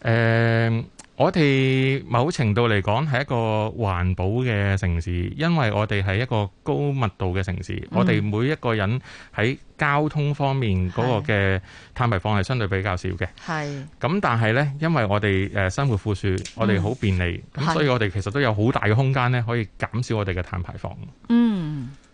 呃、我哋某程度嚟講係一個環保嘅城市，因為我哋係一個高密度嘅城市，嗯、我哋每一個人喺交通方面嗰個嘅碳排放係相對比較少嘅。係。咁但係呢，因為我哋誒生活富庶，我哋好便利，咁、嗯、所以我哋其實都有好大嘅空間呢，可以減少我哋嘅碳排放。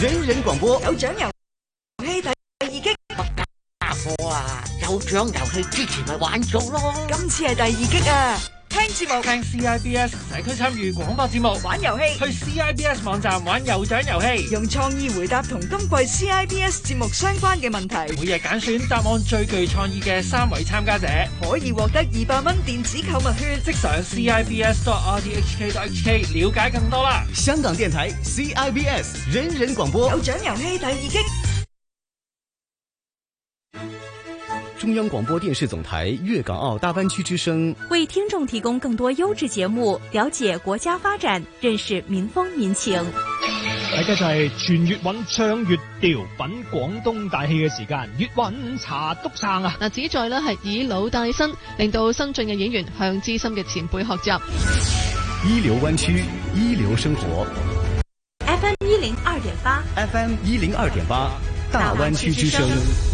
人人廣播有獎遊戲第第二擊，家伙啊！有獎遊戲之前咪玩咗咯，今次係第二擊啊！聽節目，聽 CIBS 社區參與廣播節目，玩遊戲，去 CIBS 網站玩有獎遊戲，用創意回答同今季 CIBS 節目相關嘅問題，每日揀選答案最具創意嘅三位參加者，可以獲得二百蚊電子購物券，即上 CIBS dot rthk dot hk 了解更多啦！香港電台 CIBS 人人廣播，有獎遊戲第二季。中央廣播電視總台粵港澳大灣區之聲為聽眾提供更多優質節目，了解國家發展，認識民風民情。大家 就係傳粵韻、唱粵調、品廣東大戲嘅時間。粵韻茶篤撐啊！嗱，旨在呢係以老帶新，令到新進嘅演員向資深嘅前輩學習。一流灣區，一流生活。FM 一零二點八。FM 一零二點八，大灣區之聲。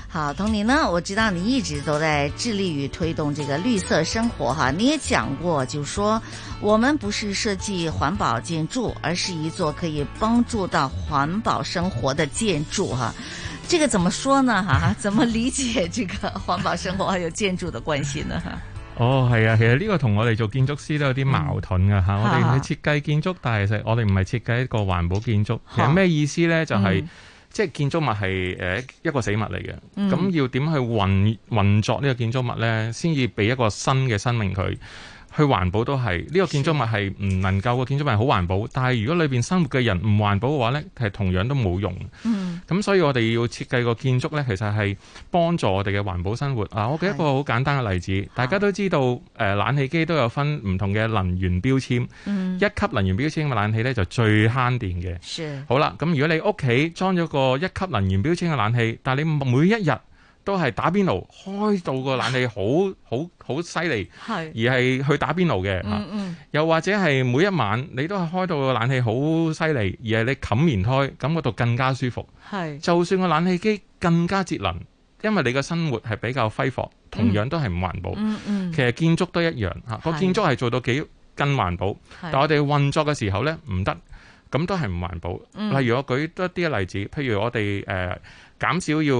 好，同你呢？我知道你一直都在致力於推動這個綠色生活哈。你也講過，就說我們不是設計環保建築，而是一座可以幫助到環保生活的建築哈。這個怎麼說呢？哈、啊，怎麼理解這個環保生活還有建築的關係呢？哈？哦，係啊，其實呢個同我哋做建築師都有啲矛盾噶吓、嗯，我哋去設計建築，嗯、但係實我哋唔係設計一個環保建築。其實咩意思呢？就係、是。嗯即係建築物係誒一個死物嚟嘅，咁要點去運運作呢個建築物咧，先至俾一個新嘅生命佢。去環保都係呢個建築物係唔能夠，個建築物係好環保，但係如果裏邊生活嘅人唔環保嘅話咧，係同樣都冇用。咁所以我哋要設計個建築咧，其實係幫助我哋嘅環保生活。啊，我舉一個好簡單嘅例子，大家都知道誒冷氣機都有分唔同嘅能源標籤，一級能源標籤嘅冷氣咧就最慳電嘅。好啦，咁如果你屋企裝咗個一級能源標籤嘅冷氣，但係你每一日都係打邊爐，開到個冷氣好好好犀利，而係去打邊爐嘅。又或者係每一晚你都係開到個冷氣好犀利，而係你冚棉胎，感覺到更加舒服。就算個冷氣機更加節能，因為你個生活係比較揮霍，同樣都係唔環保。嗯嗯嗯。其實建築都一樣嚇，個建築係做到幾更環保，但我哋運作嘅時候呢，唔得，咁都係唔環保。嗯。例如我舉多啲嘅例子，譬如我哋誒。呃減少要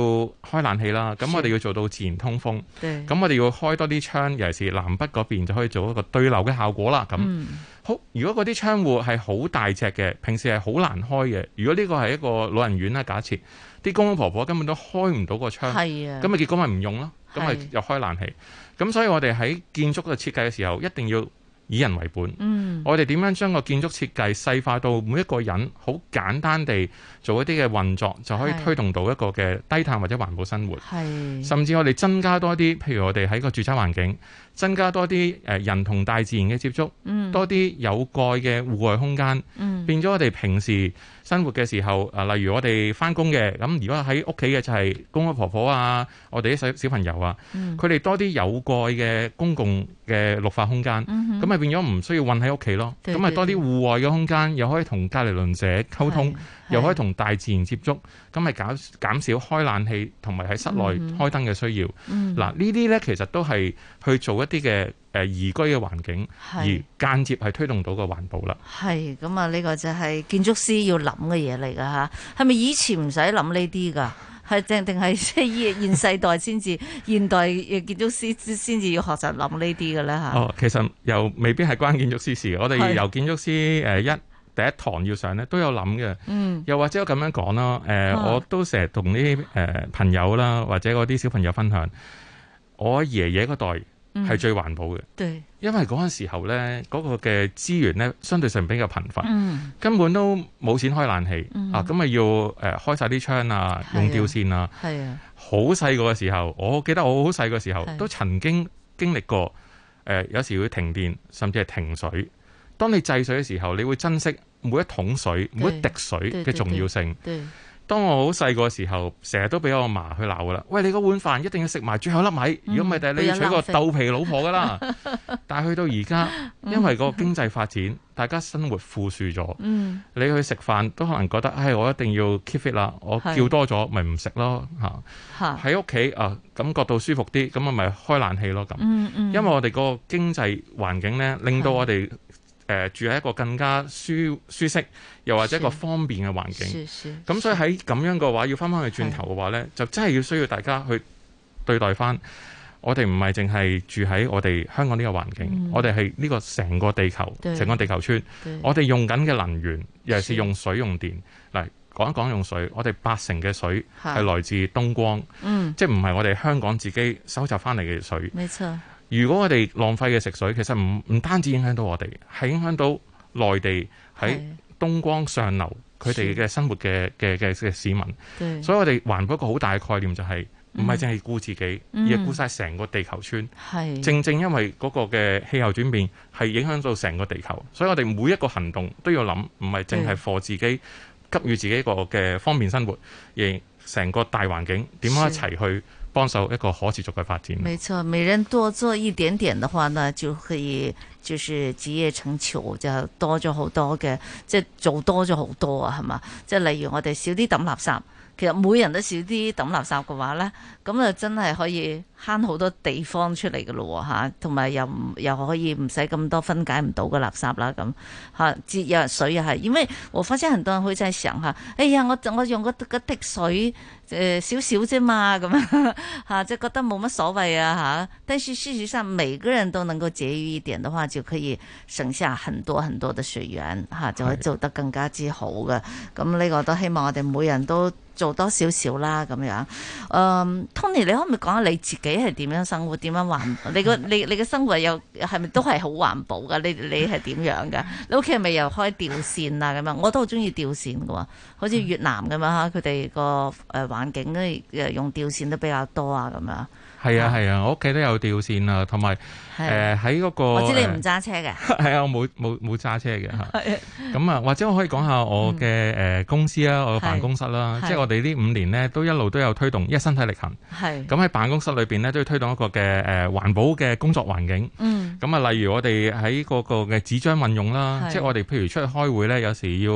開冷氣啦，咁我哋要做到自然通風。咁我哋要多開多啲窗，尤其是南北嗰邊就可以做一個對流嘅效果啦。咁、嗯、好，如果嗰啲窗戶係好大隻嘅，平時係好難開嘅。如果呢個係一個老人院啦，假設啲公公婆婆婆根本都開唔到個窗，係啊，咁咪結果咪唔用咯，咁咪又開冷氣。咁所以我哋喺建築嘅設計嘅時候，一定要。以人為本，嗯、我哋點樣將個建築設計細化到每一個人，好簡單地做一啲嘅運作，就可以推動到一個嘅低碳或者環保生活。係、甚至我哋增加多啲，譬如我哋喺個住宅環境增加多啲誒人同大自然嘅接觸，多啲有蓋嘅戶外空間，嗯、變咗我哋平時，生活嘅時候啊，例如我哋翻工嘅咁，如果喺屋企嘅就係公公婆婆啊，我哋啲細小朋友啊，佢、嗯、哋多啲有蓋嘅公共嘅綠化空間，咁、嗯、咪變咗唔需要運喺屋企咯。咁咪多啲戶外嘅空間，又可以同隔離鄰舍溝通。對對對。又可以同大自然接觸，咁咪減減少開冷氣同埋喺室內開燈嘅需要。嗱、嗯，呢啲咧其實都係去做一啲嘅誒宜居嘅環境，而間接係推動到個環保啦。係咁啊，呢個就係建築師要諗嘅嘢嚟㗎嚇。係咪以前唔使諗呢啲㗎？係正定係即係現世代先至 現代建築師先至要學習諗呢啲嘅咧嚇？哦，其實又未必係關建築師事。我哋由建築師誒、呃、一。第一堂要上咧，都有諗嘅。嗯。又或者我咁樣講啦，誒、呃啊，我都成日同啲誒朋友啦，或者嗰啲小朋友分享，我爺爺嗰代係最環保嘅、嗯。對。因為嗰陣時候咧，嗰、那個嘅資源咧，相對上比較貧乏，嗯、根本都冇錢開冷氣、嗯、啊。咁啊要誒、呃、開晒啲窗啊，用吊扇啊。係啊。好細個嘅時候，我記得我好細個時候都曾經經歷過，誒、呃，有時會停電，甚至係停水。當你制水嘅時候，你會珍惜每一桶水，每一滴水嘅重要性。當我好細個時候，成日都俾我阿嫲去鬧噶啦。喂，你個碗飯一定要食埋最後一粒米，如果唔係，第你要娶個豆皮老婆噶啦。嗯、 但係去到而家，因為個經濟發展，大家生活富庶咗，嗯，你去食飯都可能覺得，唉、哎，我一定要 keep fit 啦。我叫多咗，咪唔食咯。吓，喺屋企啊，感覺到舒服啲，咁我咪開冷氣咯。咁、嗯嗯，因為我哋個經濟環境呢，令到我哋。誒、呃、住喺一個更加舒舒適，又或者一個方便嘅環境。咁所以喺咁樣嘅話，要翻返去轉頭嘅話呢，就真係要需要大家去對待翻。我哋唔係淨係住喺我哋香港呢個環境，嗯、我哋係呢個成個地球，成個地球村。我哋用緊嘅能源，尤其是用水、用電。嚟講一講用水，我哋八成嘅水係來自東江、嗯，即係唔係我哋香港自己收集翻嚟嘅水。沒如果我哋浪費嘅食水，其實唔唔單止影響到我哋，係影響到內地喺東江上流佢哋嘅生活嘅嘅嘅嘅市民。所以我哋環保一個好大嘅概念就係，唔係淨係顧自己，嗯、而係顧晒成個地球村。嗯、正正因為嗰個嘅氣候轉變係影響到成個地球，所以我哋每一個行動都要諗，唔係淨係貨自己給予自己一個嘅方便生活，而成個大環境點樣一齊去。幫手一個可持續嘅發展。冇錯，每人多做一點點嘅話呢，呢就可以就是集腋成裘，就多咗好多嘅，即係做多咗好多啊，係嘛？即係例如我哋少啲抌垃圾，其實每人都少啲抌垃圾嘅話咧，咁啊真係可以。慳好多地方出嚟嘅咯吓，同埋又唔又可以唔使咁多分解唔到嘅垃圾啦咁吓，節約水又係，因為我發現很多人會真係想吓，哎呀我我用個個滴水誒少少啫嘛咁樣吓，即係覺得冇乜所謂啊吓。但是事實上，每個人都能夠節約一點嘅話，就可以省下很多很多的水源，吓就可以做得更加之好嘅。咁呢個我都希望我哋每人都做多少少啦咁樣。嗯，Tony 你可唔可以講下你自己？你係點樣生活？點樣環？你個你你個生活又係咪都係好環保噶？你你係點樣噶？你屋企係咪又開吊扇啊？咁樣？我都好中意吊扇噶，好似越南咁樣！吓，佢哋個誒環境都用吊扇都比較多啊，咁樣。係啊係啊，啊，我屋企都有吊線啊，同埋誒喺嗰個我知你唔揸車嘅，係 啊，我冇冇冇揸車嘅吓。咁啊，啊、嗯，或者我可以講下我嘅誒公司啦、嗯，我嘅辦公室啦，即係、啊就是、我哋呢五年咧都一路都有推動，一身體力行。係咁喺辦公室裏邊咧，都要推動一個嘅誒環保嘅工作環境。啊、嗯。咁啊，例如我哋喺嗰個嘅紙張運用啦，即係、啊就是、我哋譬如出去開會咧，有時要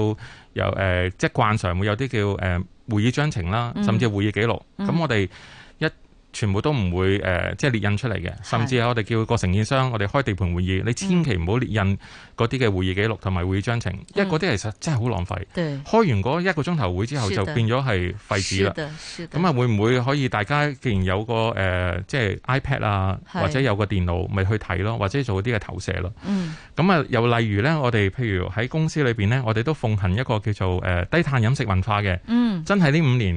有誒，即係慣常會有啲叫誒會議章程啦，甚至會議記錄。咁、嗯嗯、我哋。全部都唔會誒、呃，即係列印出嚟嘅，甚至係我哋叫個承建商，我哋開地盤會議，你千祈唔好列印。嗯嗰啲嘅會議記錄同埋會議章程，因為嗰啲其實真係好浪費。嗯、對、開完嗰一個鐘頭會之後，就變咗係廢紙啦。咁啊，會唔會可以大家既然有個、呃、即係 iPad 啊，或者有個電腦，咪去睇咯，或者做啲嘅投射咯。咁、嗯、啊，又例如呢，我哋譬如喺公司裏面呢，我哋都奉行一個叫做低碳飲食文化嘅。嗯，真係呢五年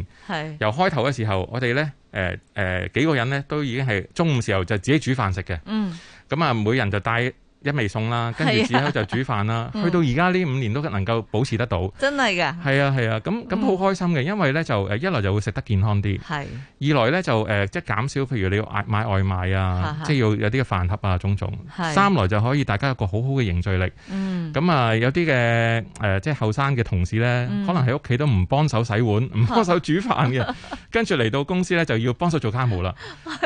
由開頭嘅時候，我哋呢、呃呃，幾個人呢都已經係中午時候就自己煮飯食嘅。嗯，咁啊，每人就帶一味餸啦，跟住之後就煮飯啦、啊。去到而家呢五年都能夠保持得到，真係嘅。係啊係啊，咁咁好開心嘅，因為咧就誒一來就會食得健康啲，係二來咧就、呃、即係減少譬如你要嗌買外賣是是啊，即係要有啲嘅飯盒啊種種。三來就可以大家有個好好嘅凝聚力。咁、嗯嗯、啊有啲嘅、呃、即係後生嘅同事咧、嗯，可能喺屋企都唔幫手洗碗，唔幫手煮飯嘅， 跟住嚟到公司咧就要幫手做家務啦。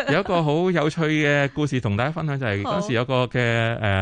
有一個好有趣嘅故事同大家分享，就係、是、嗰時有個嘅誒。呃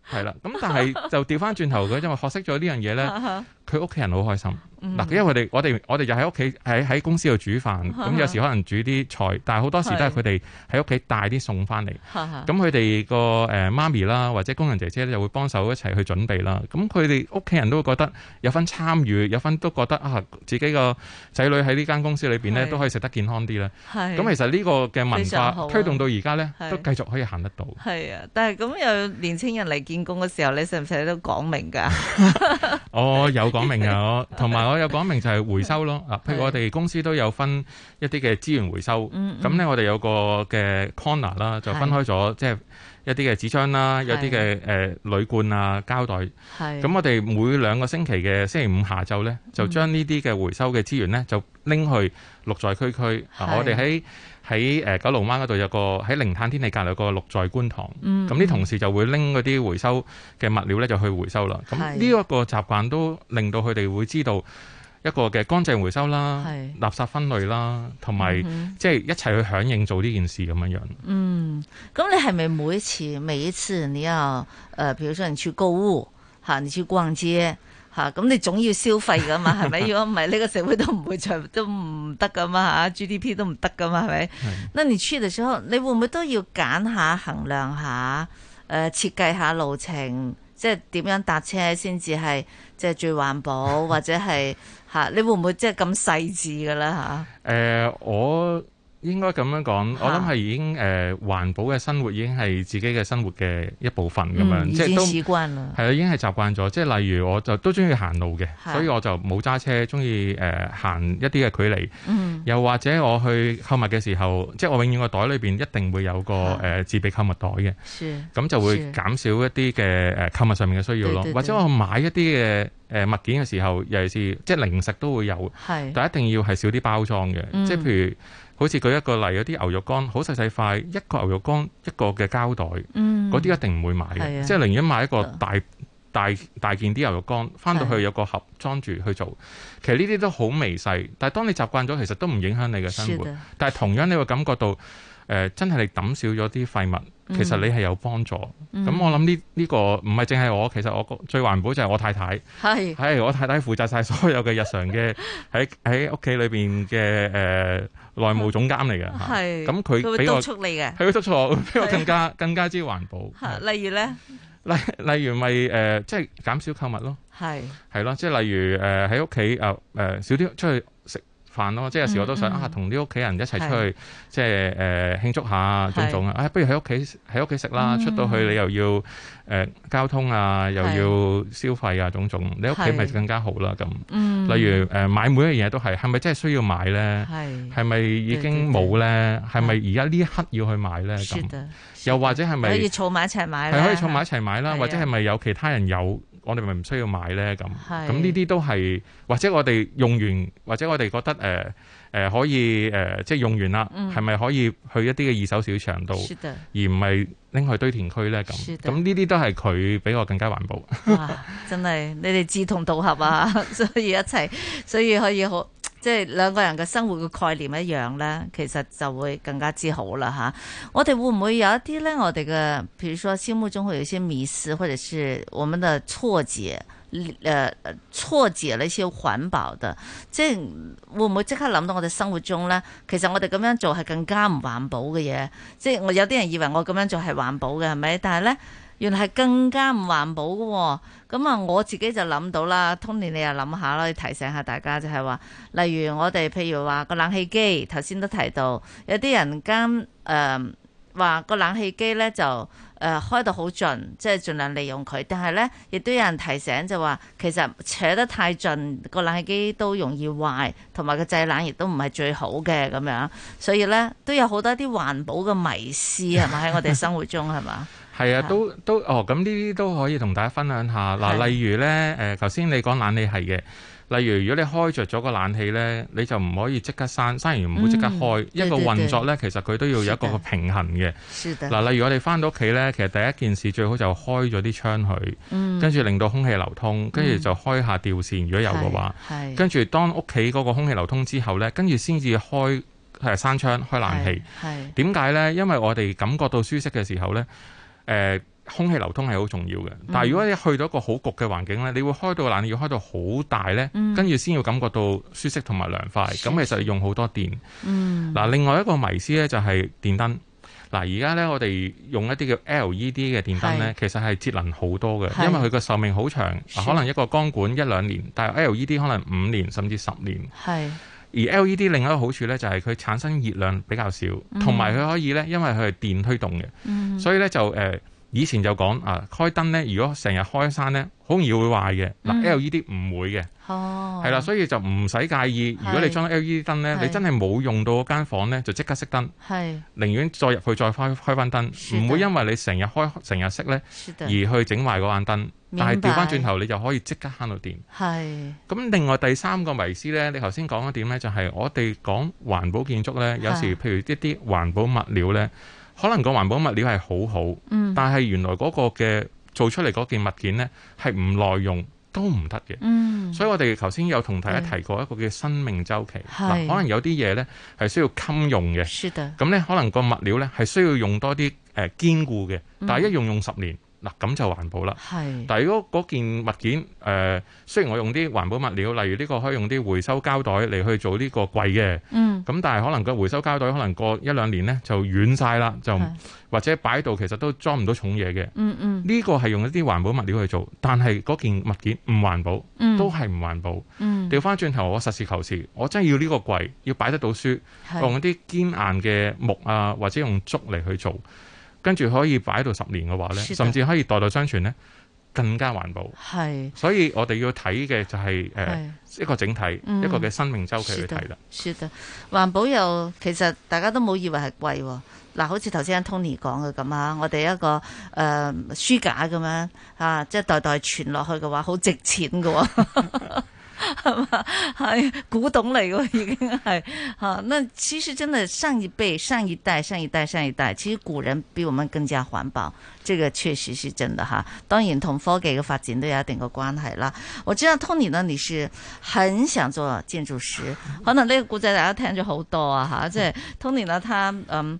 係 啦，咁但係就調翻轉頭，佢因為學識咗呢樣嘢咧，佢屋企人好開心。嗱、嗯，因為我哋我哋我哋就喺屋企喺喺公司度煮飯，咁 有時可能煮啲菜，但係好多時都係佢哋喺屋企帶啲餸翻嚟。咁佢哋個誒媽咪啦，或者工人姐姐咧，就會幫手一齊去準備啦。咁佢哋屋企人都會覺得有份參與，有分都覺得啊，自己個仔女喺呢間公司裏邊咧，都可以食得健康啲咧。咁 其實呢個嘅文化推動到而家咧，啊、都繼續可以行得到。係啊，但係咁有年青人嚟見。工嘅時候，你使唔使都講明㗎 我有講明㗎，我同埋我有講明就係回收咯。啊，譬如我哋公司都有分一啲嘅資源回收，咁咧我哋有個嘅 corner 啦，就分開咗即係。一啲嘅紙張啦，有啲嘅誒鋁罐啊、膠袋，咁我哋每兩個星期嘅星期五下晝咧，就將呢啲嘅回收嘅資源咧，就拎去綠在區區。我哋喺喺誒九龍灣嗰度有個喺凌灘天氣隔籬，有個綠在觀塘，咁啲同事就會拎嗰啲回收嘅物料咧，就去回收啦。咁呢一個習慣都令到佢哋會知道。一個嘅乾淨回收啦，垃圾分類啦，同埋即係一齊去響應做呢件事咁樣樣。嗯，咁你係咪每一次每一次你要誒，譬、呃、如說你去購物嚇，你去逛街嚇，咁、啊、你總要消費噶嘛，係 咪？如果唔係，呢個社會都唔會在，都唔得噶嘛嚇，GDP 都唔得噶嘛，係咪？那你出嘅時候，你會唔會都要揀下衡量下誒、呃，設計下路程，即係點樣搭車先至係即係最環保， 或者係？吓，你會唔會即係咁細致噶啦吓？誒我應該咁樣講，啊，我諗係已經誒、呃、環保嘅生活已經係自己嘅生活嘅一部分咁樣，即係都係啊，已經係習慣咗。即係例如我，我就都中意行路嘅，所以我就冇揸車，中意誒行一啲嘅距離，嗯。又或者我去購物嘅時候，即係我永遠個袋裏邊一定會有個誒、啊呃、自備購物袋嘅。是，咁就會減少一啲嘅誒購物上面嘅需要咯。或者我買一啲嘅誒物件嘅時候，尤其是即係零食都會有，但一定要係少啲包裝嘅，嗯。即係譬如。好似舉一個例，有啲牛肉乾好細細塊，一個牛肉乾一個嘅膠袋，嗰、嗯、啲一定唔會買，即係寧願買一個大大大件啲牛肉乾，翻到去有個盒裝住去做。其實呢啲都好微細，但係當你習慣咗，其實都唔影響你嘅生活。但係同樣你會感覺到，誒、呃，真係你抌少咗啲廢物，其實你係有幫助。咁、嗯嗯、我諗呢呢個唔係淨係我，其實我最環保就係我太太，係、哎、我太太負責晒所有嘅日常嘅喺喺屋企裏邊嘅誒。呃內務總監嚟嘅，咁佢俾我督促你嘅，佢會督促我比我更加更加之環保。例如咧，例例如咪誒，即、呃、係、就是、減少購物咯，係係咯，即係例如誒喺屋企誒少啲出去食。飯咯，即係有時我都想、嗯嗯、啊，同啲屋企人一齊出去，係即係誒、呃、慶祝下種種啊！哎，不如喺屋企喺屋企食啦，出到去你又要誒、呃、交通啊，又要消費啊種種，你屋企咪更加好啦、啊、咁。例如誒、呃、買每一樣嘢都係，係咪真係需要買咧？係，係咪已經冇咧？係咪而家呢一刻要去買咧？咁，又或者係咪可以儲埋一齊買、啊？係可以儲埋一齊買啦、啊，或者係咪有其他人有？我哋咪唔需要買咧？咁，咁呢啲都係或者我哋用完或者我哋覺得誒誒、呃呃、可以誒、呃、即係用完啦，係咪、嗯、可以去一啲嘅二手小場度，的而唔係拎去堆填區咧咁？咁呢啲都係佢比我更加環保 、啊。真係你哋志同道合啊， 所以一齊，所以可以好。即係兩個人嘅生活嘅概念一樣咧，其實就會更加之好啦吓。我哋會唔會有一啲咧？我哋嘅，譬如說心目中會有一些迷思，或者是我們的錯解，誒、呃，錯解了一些環保的。即係會唔會我們即刻諗到我哋生活中咧，其實我哋咁樣做係更加唔環保嘅嘢。即係我有啲人以為我咁樣做係環保嘅，係咪？但係咧。原來係更加唔環保嘅喎，咁啊我自己就諗到啦，Tony 你又諗下啦，提醒下大家就係話，例如我哋譬如話個冷氣機，頭先都提到有啲人間誒話個冷氣機咧就誒、呃、開到好盡，即係盡量利用佢。但係咧亦都有人提醒就話，其實扯得太盡個冷氣機都容易壞，同埋個製冷亦都唔係最好嘅咁樣。所以咧都有好多啲環保嘅迷思係咪？喺我哋生活中係嘛。 係啊，都都哦咁呢啲都可以同大家分享下嗱、啊。例如呢，誒頭先你講冷氣係嘅。例如如果你開着咗個冷氣呢，你就唔可以即刻閂，閂完唔好即刻開、嗯、一個運作呢，其實佢都要有一個個平衡嘅嗱、啊。例如我哋翻到屋企呢，其實第一件事最好就開咗啲窗佢，跟、嗯、住令到空氣流通，跟住就開下吊扇，如果有嘅話，跟住當屋企嗰個空氣流通之後呢，跟住先至開係閂窗開冷氣。點解呢？因為我哋感覺到舒適嘅時候呢。誒、呃、空氣流通係好重要嘅，但如果你去到一個好焗嘅環境呢、嗯、你會開到冷氣要開到好大呢、嗯，跟住先要感覺到舒適同埋涼快。咁、嗯、其實要用好多電。嗯。嗱，另外一個迷思呢就係電燈。嗱，而家呢我哋用一啲叫 LED 嘅電燈呢，其實係節能好多嘅，因為佢個壽命好長，可能一個光管一兩年，但係 LED 可能五年甚至十年。而 LED 另一個好處咧，就係佢產生熱量比較少，同埋佢可以咧，因為佢係電推動嘅，所以咧就誒。呃以前就講啊，開燈咧，如果成日開山咧，好容易壞的、啊嗯、會壞嘅。嗱，LED 唔會嘅，係啦，所以就唔使介意。如果你裝 LED 燈咧，你真係冇用到嗰間房咧，就即刻熄燈。係，寧願再入去再開開翻燈，唔會因為你成日開成日熄咧，而去整壞嗰眼燈。係但係調翻轉頭，你就可以即刻慳到電。係。咁另外第三個迷思咧，你頭先講咗點咧？就係、係、我哋講環保建築咧，有時譬如一啲環保物料咧。可能個環保物料係好好，但係原來嗰個嘅做出嚟嗰件物件咧，係唔耐用都唔得嘅。所以我哋頭先有同大家提過一個叫生命週期。嗱，可能有啲嘢咧係需要襟用嘅，咁咧可能個物料咧係需要用多啲誒、呃、堅固嘅，但係一用、嗯、用十年。嗱，咁就環保啦。但如果嗰件物件誒、呃，雖然我用啲環保物料，例如呢個可以用啲回收膠袋嚟去做呢個櫃嘅。嗯。咁但係可能個回收膠袋可能過一兩年呢就軟晒啦，就或者擺到其實都裝唔到重嘢嘅。嗯嗯。呢、呢個係用一啲環保物料去做，但係嗰件物件唔環保，都係唔環保。嗯。調翻轉頭，我實事求是，我真係要呢個櫃，要擺得到書，用一啲堅硬嘅木啊，或者用竹嚟去做。跟住可以擺到十年嘅話呢的甚至可以代代相傳呢，更加環保。係的，所以我哋要睇嘅就係誒一個整體的一個嘅生命周期去睇啦。説、嗯、環保又其實大家都冇以為係貴喎。嗱，好似頭先 Tony 講嘅咁啊，我哋一個誒書架咁樣嚇，即係代代傳落去嘅話，好值錢㗎喎。 係嘛，係古董嚟喎，已經係吓。那其實真的上一輩、上一代、上一代、上一代，其實古人比我們更加環保，這個確實是真的哈。當然同科技嘅發展都有一定嘅關係啦。我知道 Tony 呢，你是很想做建築師，可能呢個故仔大家聽咗好多啊吓，即係 Tony 呢，他嗯。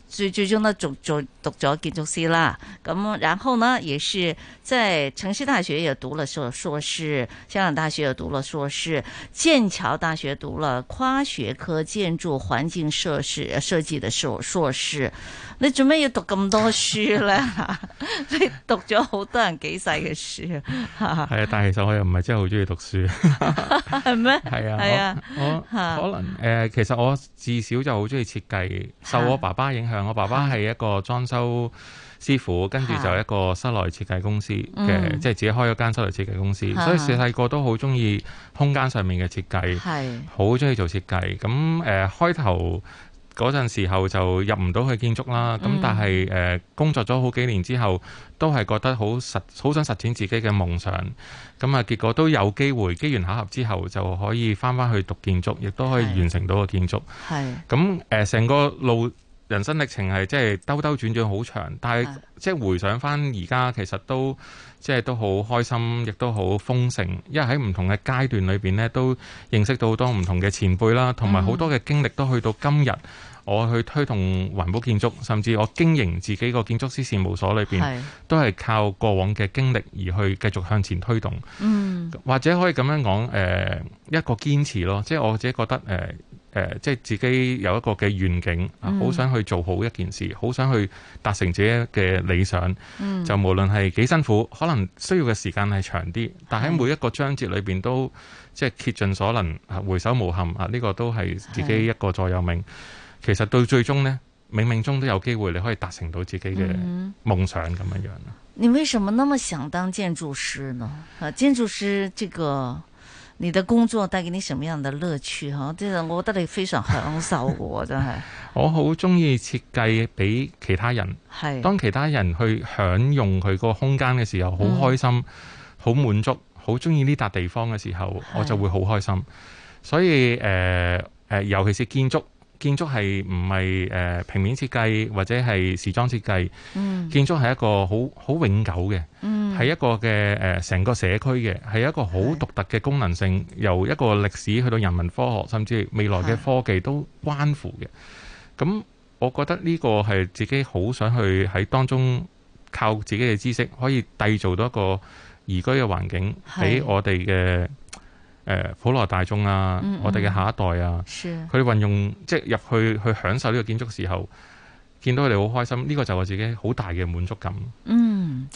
最最終咧，讀讀讀咗建築師啦，咁然後呢，也是在城市大學也讀了碩碩士，香港大學也讀了碩士，劍橋大學讀了跨學科建築環境設施設，設，設計的碩碩士。你做咩要讀咁多書咧？ 你讀咗好多人幾世嘅書。啊，係啊，但係其實我又唔係真係好中意讀書。係 咩？ 係啊，啊，我，我 可能誒、呃，其實我自小就好中意設計，受我爸爸影響。 我爸爸係一個裝修師傅，跟住就一個室內設計公司嘅，即係自己開咗間室內設計公司。所以細細個都好中意空間上面嘅設計，好中意做設計。咁誒開頭嗰陣時候就入唔到去建築啦。咁但係誒工作咗好幾年之後，都係覺得好實，好想實踐自己嘅夢想。咁啊，結果都有機會，機緣巧合之後就可以返返去讀建築，亦都可以完成到個建築。係咁誒，成個路。人生歷程係即係兜兜轉轉好長，但係即係回想返而家，其實都即係都好開心，亦都好豐盛。因為喺唔同嘅階段裏邊咧，都認識到好多唔同嘅前輩啦，同埋好多嘅經歷都去到今日。我去推動環保建築，甚至我經營自己個建築師事務所裏邊，都係靠過往嘅經歷而去繼續向前推動。嗯，或者可以咁樣講，誒、呃、一個堅持咯，即係我自己覺得誒。呃誒、呃，即係自己有一個嘅願景，好想去做好一件事，好、嗯、想去達成自己嘅理想，嗯、就無論係幾辛苦，可能需要嘅時間係長啲，但喺每一個章節裏邊都即係竭盡所能，回首無憾啊！呢、這個都係自己一個座右銘，嗯、其實到最終呢，冥冥中都有機會你可以達成到自己嘅夢想咁樣樣。你為什麼那麼想當建築師呢？啊、建築師這個。你的工作帶給你什麼樣的樂趣？即係我覺得你非常享受嘅喎，真係。 我好中意設計俾其他人，係當其他人去享用佢個空間嘅時候，好開心，好、嗯、滿足，好中意呢笪地方嘅時候，我就會好開心。所以誒誒、呃，尤其是建築。建築係唔係誒平面設計或者係時裝設計？嗯、建築係一個好好永久嘅，係、嗯、一個嘅誒成個社區嘅，係一個好獨特嘅功能性，由一個歷史去到人文科學，甚至未來嘅科技都關乎嘅。咁我覺得呢個係自己好想去喺當中靠自己嘅知識可以締造到一個宜居嘅環境，畀我哋嘅。誒普羅大眾啊，嗯嗯我哋嘅下一代啊，佢哋運用即係入去去享受呢個建築時候，見到佢哋好開心，呢、這個就係自己好大嘅滿足感。嗯，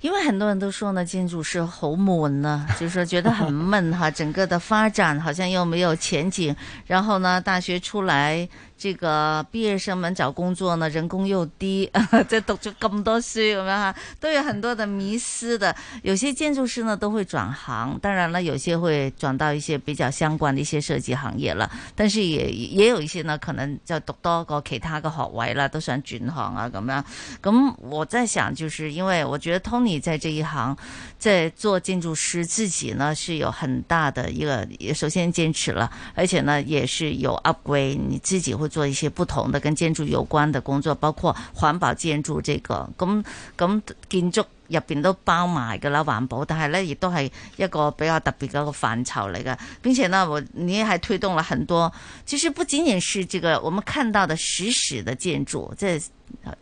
因為很多人都說呢建築師好悶啊，就是覺得很悶哈、啊， 整個嘅發展好像又沒有前景，然後呢大學出來這個畢業生們找工作呢，人工又低，再讀出咁多書，咁樣哈，都有很多的迷失的。有些建築師呢都會轉行，當然了，有些會轉到一些比較相關的一些設計行業了。但是也也有一些呢，可能就讀多個其他的學位啦，都算均衡啊，咁樣。咁我在想，就是因為我覺得 Tony 在這一行在做建築師，自己呢是有很大的一個首先堅持了，而且呢也是有 upgrade，你自己會。做一些不同的跟建築有關的工作，包括環保建築。這個咁咁建築入邊都包埋噶啦，環保，但係咧亦都係一個比較特別嘅一個範疇嚟嘅。並且呢，我你係推動了很多，其實不僅僅是這個我們看到的實時的建築，即係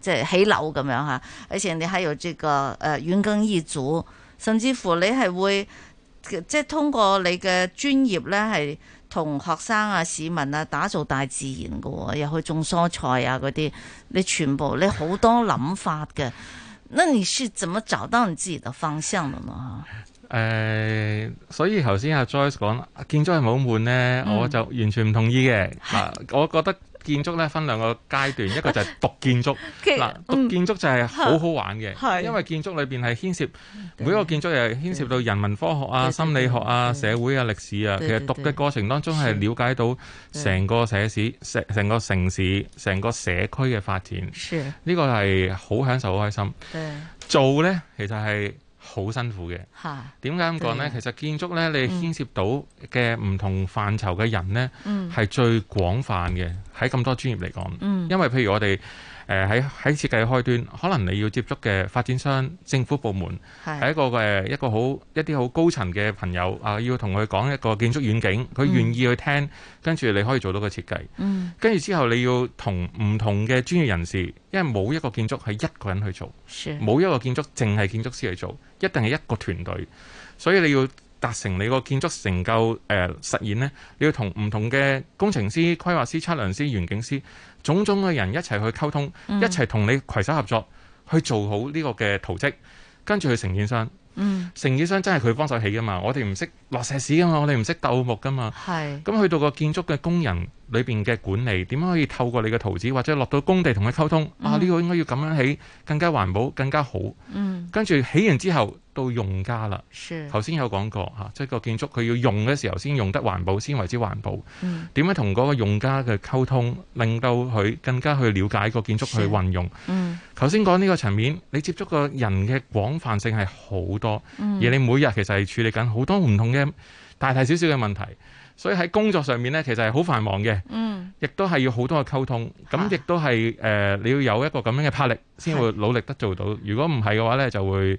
即係起樓咁樣吓，而且你還有這個誒遠耕一族，甚至乎你係會即係、就是、通過你嘅專業咧係。同學生啊、市民啊打造大自然嘅喎、哦，又去種蔬菜啊嗰啲，你全部你好多諗法嘅。 那你是怎麼找到你自己的方向的呢？哈、呃？所以頭先阿 Joyce 講建築係冇悶呢、嗯，我就完全唔同意嘅、啊。我覺得。 建築咧分兩個階段，一個就係讀建築，嗱 讀建築就係好好玩嘅、嗯，因為建築裏邊係牽涉每一個建築又牽涉到人文科學啊，對對對、心理學啊，對對對、社會啊、歷史啊，對對對，其實讀嘅過程當中係了解到成個社市、成成個城市、成個社區嘅發展，呢、呢個係好享受、好開心。做呢，其實係。好辛苦嘅，點解咁講呢？的其實建築呢，你牽涉到嘅唔同範疇嘅人呢，係、嗯、最廣泛嘅喺咁多專業嚟講，嗯、因為譬如我哋。誒喺喺設計開端，可能你要接觸嘅發展商、政府部門，係一個嘅、呃、一個好一啲好高層嘅朋友啊、呃，要同佢講一個建築遠景，佢願意去聽，嗯、跟住你可以做到個設計。嗯，跟住之後你要同唔同嘅專業人士，因為冇一個建築係一個人去做，冇一個建築淨係建築師去做，一定係一個團隊。所以你要達成你個建築成就誒、呃、實現呢你要同唔同嘅工程師、規劃師、測量師、園景師。種種嘅人一齊去溝通，一齊同你攜手合作，去做好呢個嘅圖則，跟住去承建商。承建商真係佢幫手起噶嘛？我哋唔識。落石屎㗎嘛，我哋唔識鬥木㗎嘛。咁去到個建築嘅工人裏邊嘅管理，點樣可以透過你嘅圖紙或者落到工地同佢溝通？嗯、啊、呢、呢個應該要咁樣起，更加環保，更加好。嗯。跟住起完之後到用家啦。頭先有講過吓，即係個建築佢要用嘅時候先用得環保，先為之環保。點樣同個用家嘅溝通，令到佢更加去了解個建築去運用。嗯。頭先講呢個層面，你接觸個人嘅廣泛性係好多，而你每日其實係處理緊好多唔同嘅，大大小小嘅問題，所以喺工作上面呢，其實係好繁忙嘅，嗯、亦都係要好多嘅溝通，咁、啊、亦都係誒、呃，你要有一個咁樣嘅魄力，先會努力得做到。是如果唔係嘅話呢，就會。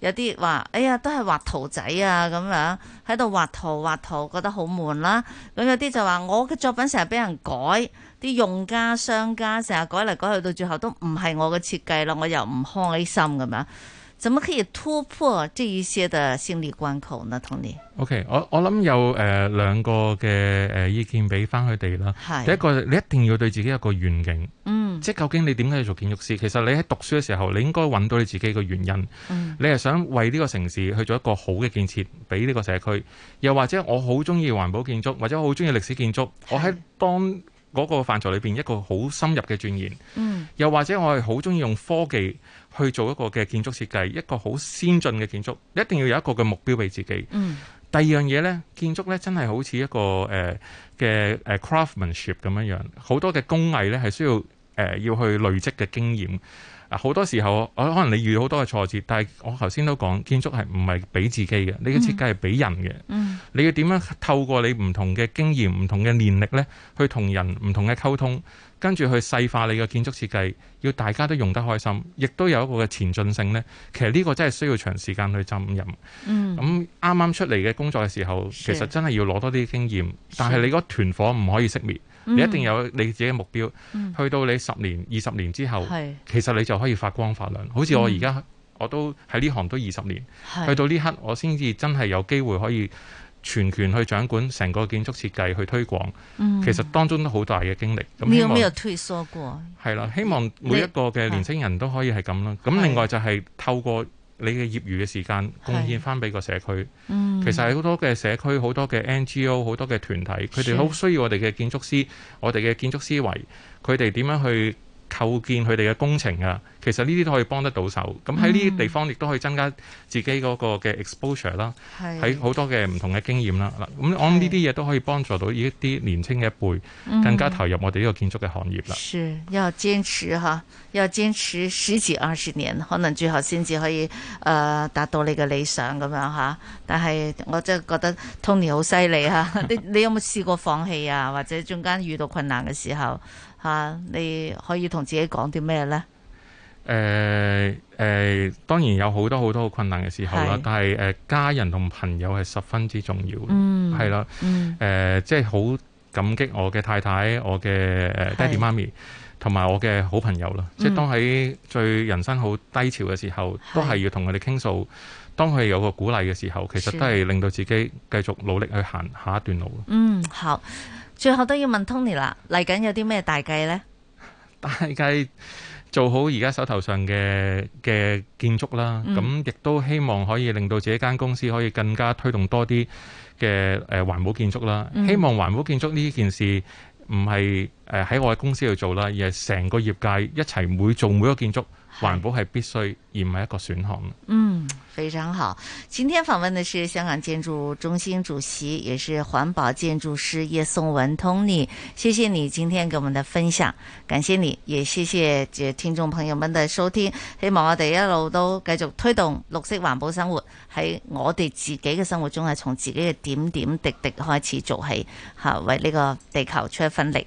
有啲話，哎呀，都係畫圖仔啊，咁樣喺度畫圖畫圖，覺得好悶啦、啊。咁有啲就話，我嘅作品成日俾人改，啲用家商家成日改嚟改去，到最後都唔係我嘅設計咯，我又唔開心咁樣。怎麼可以突破這一些的心理關口呢 Tony，OK 我我諗有誒兩、呃、個嘅誒、呃、意見俾翻佢哋啦。第一個，你一定要對自己有一個願景、嗯。即究竟你點解要做建築師？其實你喺讀書嘅時候，你應該揾到你自己嘅原因。嗯、你係想為呢個城市去做一個好嘅建設，俾呢個社區。又或者我好中意環保建築，或者我好中意歷史建築。我喺當嗰個範疇裏邊一個好深入嘅鑽研。又或者我係好中意用科技。去做一個嘅建築設計，一個好先進嘅建築，一定要有一個嘅目標俾自己。嗯、第二樣嘢呢，建築呢真係好似一個誒嘅、呃、誒、呃、craftsmanship 咁樣樣，好多嘅工藝呢係需要誒、呃、要去累積嘅經驗。好多時候，我可能你遇到好多嘅挫折，但係我頭先都講，建築係唔係俾自己嘅，你嘅設計係俾人嘅。嗯。你要點樣透過你唔同嘅經驗、唔、嗯、同嘅念力呢，去人不同人唔同嘅溝通，跟住去細化你嘅建築設計，要大家都用得開心，亦都有一個嘅前進性呢。其實呢個真係需要長時間去浸淫。咁啱啱出嚟嘅工作嘅時候，其實真係要攞多啲經驗，但係你嗰團火唔可以熄滅。你一定有你自己嘅目標、嗯，去到你十年、二、嗯、十年之後，其實你就可以發光發亮。好似我而家、嗯、我都喺呢行都二十年，去到呢刻我先至真係有機會可以全權去掌管成個建築設計去推廣。嗯、其實當中都好大嘅經歷、嗯。你有沒有退縮過？係啦，希望每一個嘅年輕人都可以係咁啦。咁另外就係透過。你嘅業餘嘅時間貢獻翻俾個社區，其實係好多嘅社區，好多嘅 NGO，好多嘅團體，佢哋好需要我哋嘅建築師，我哋嘅建築思維，佢哋點樣去構建佢哋嘅工程啊，其實呢啲都可以幫得到手。咁喺呢啲地方亦都可以增加自己嗰個嘅 exposure 啦，喺好多嘅唔同嘅經驗啦。嗱，咁我諗呢啲嘢都可以幫助到呢啲年輕嘅一輩更加投入我哋呢個建築嘅行業啦、嗯。是要堅持吓，要堅持十幾二十年，可能最後先至可以誒、呃、達到你嘅理想咁樣吓。但係我真係覺得 Tony 好犀利嚇。你，你有冇試過放棄啊？或者中間遇到困難嘅時候？吓、啊，你可以同自己講啲咩呢？誒、呃、誒、呃，當然有好多好多好困難嘅時候啦，但係誒、呃，家人同朋友係十分之重要，嗯，係啦，嗯，呃、即係好感激我嘅太太，我嘅爹哋媽咪，同埋我嘅好朋友啦，即係當喺最人生好低潮嘅時候，嗯、都係要同佢哋傾訴，當佢有個鼓勵嘅時候，其實都係令到自己繼續努力去行下一段路。嗯，好。最後都要問 Tony 啦，嚟緊有啲咩大計呢？大計，做好而家手頭上嘅嘅建築啦，咁亦都希望可以令到自己間公司可以更加推動多啲嘅誒環保建築啦。希望環保建築呢件事唔係誒喺我嘅公司度做啦，而係成個業界一齊每做每一個建築。環保係必須，而唔係一個選項。嗯，非常好。今天訪問的是香港建築中心主席，也是環保建築師葉頌文 Tony。謝謝你今天給我們的分享，感謝你，也謝謝聽眾朋友們的收聽。希望我哋一路都繼續推動綠色環保生活喺我哋自己嘅生活中，係從自己嘅點點滴滴開始做起，吓為呢個地球出一份力。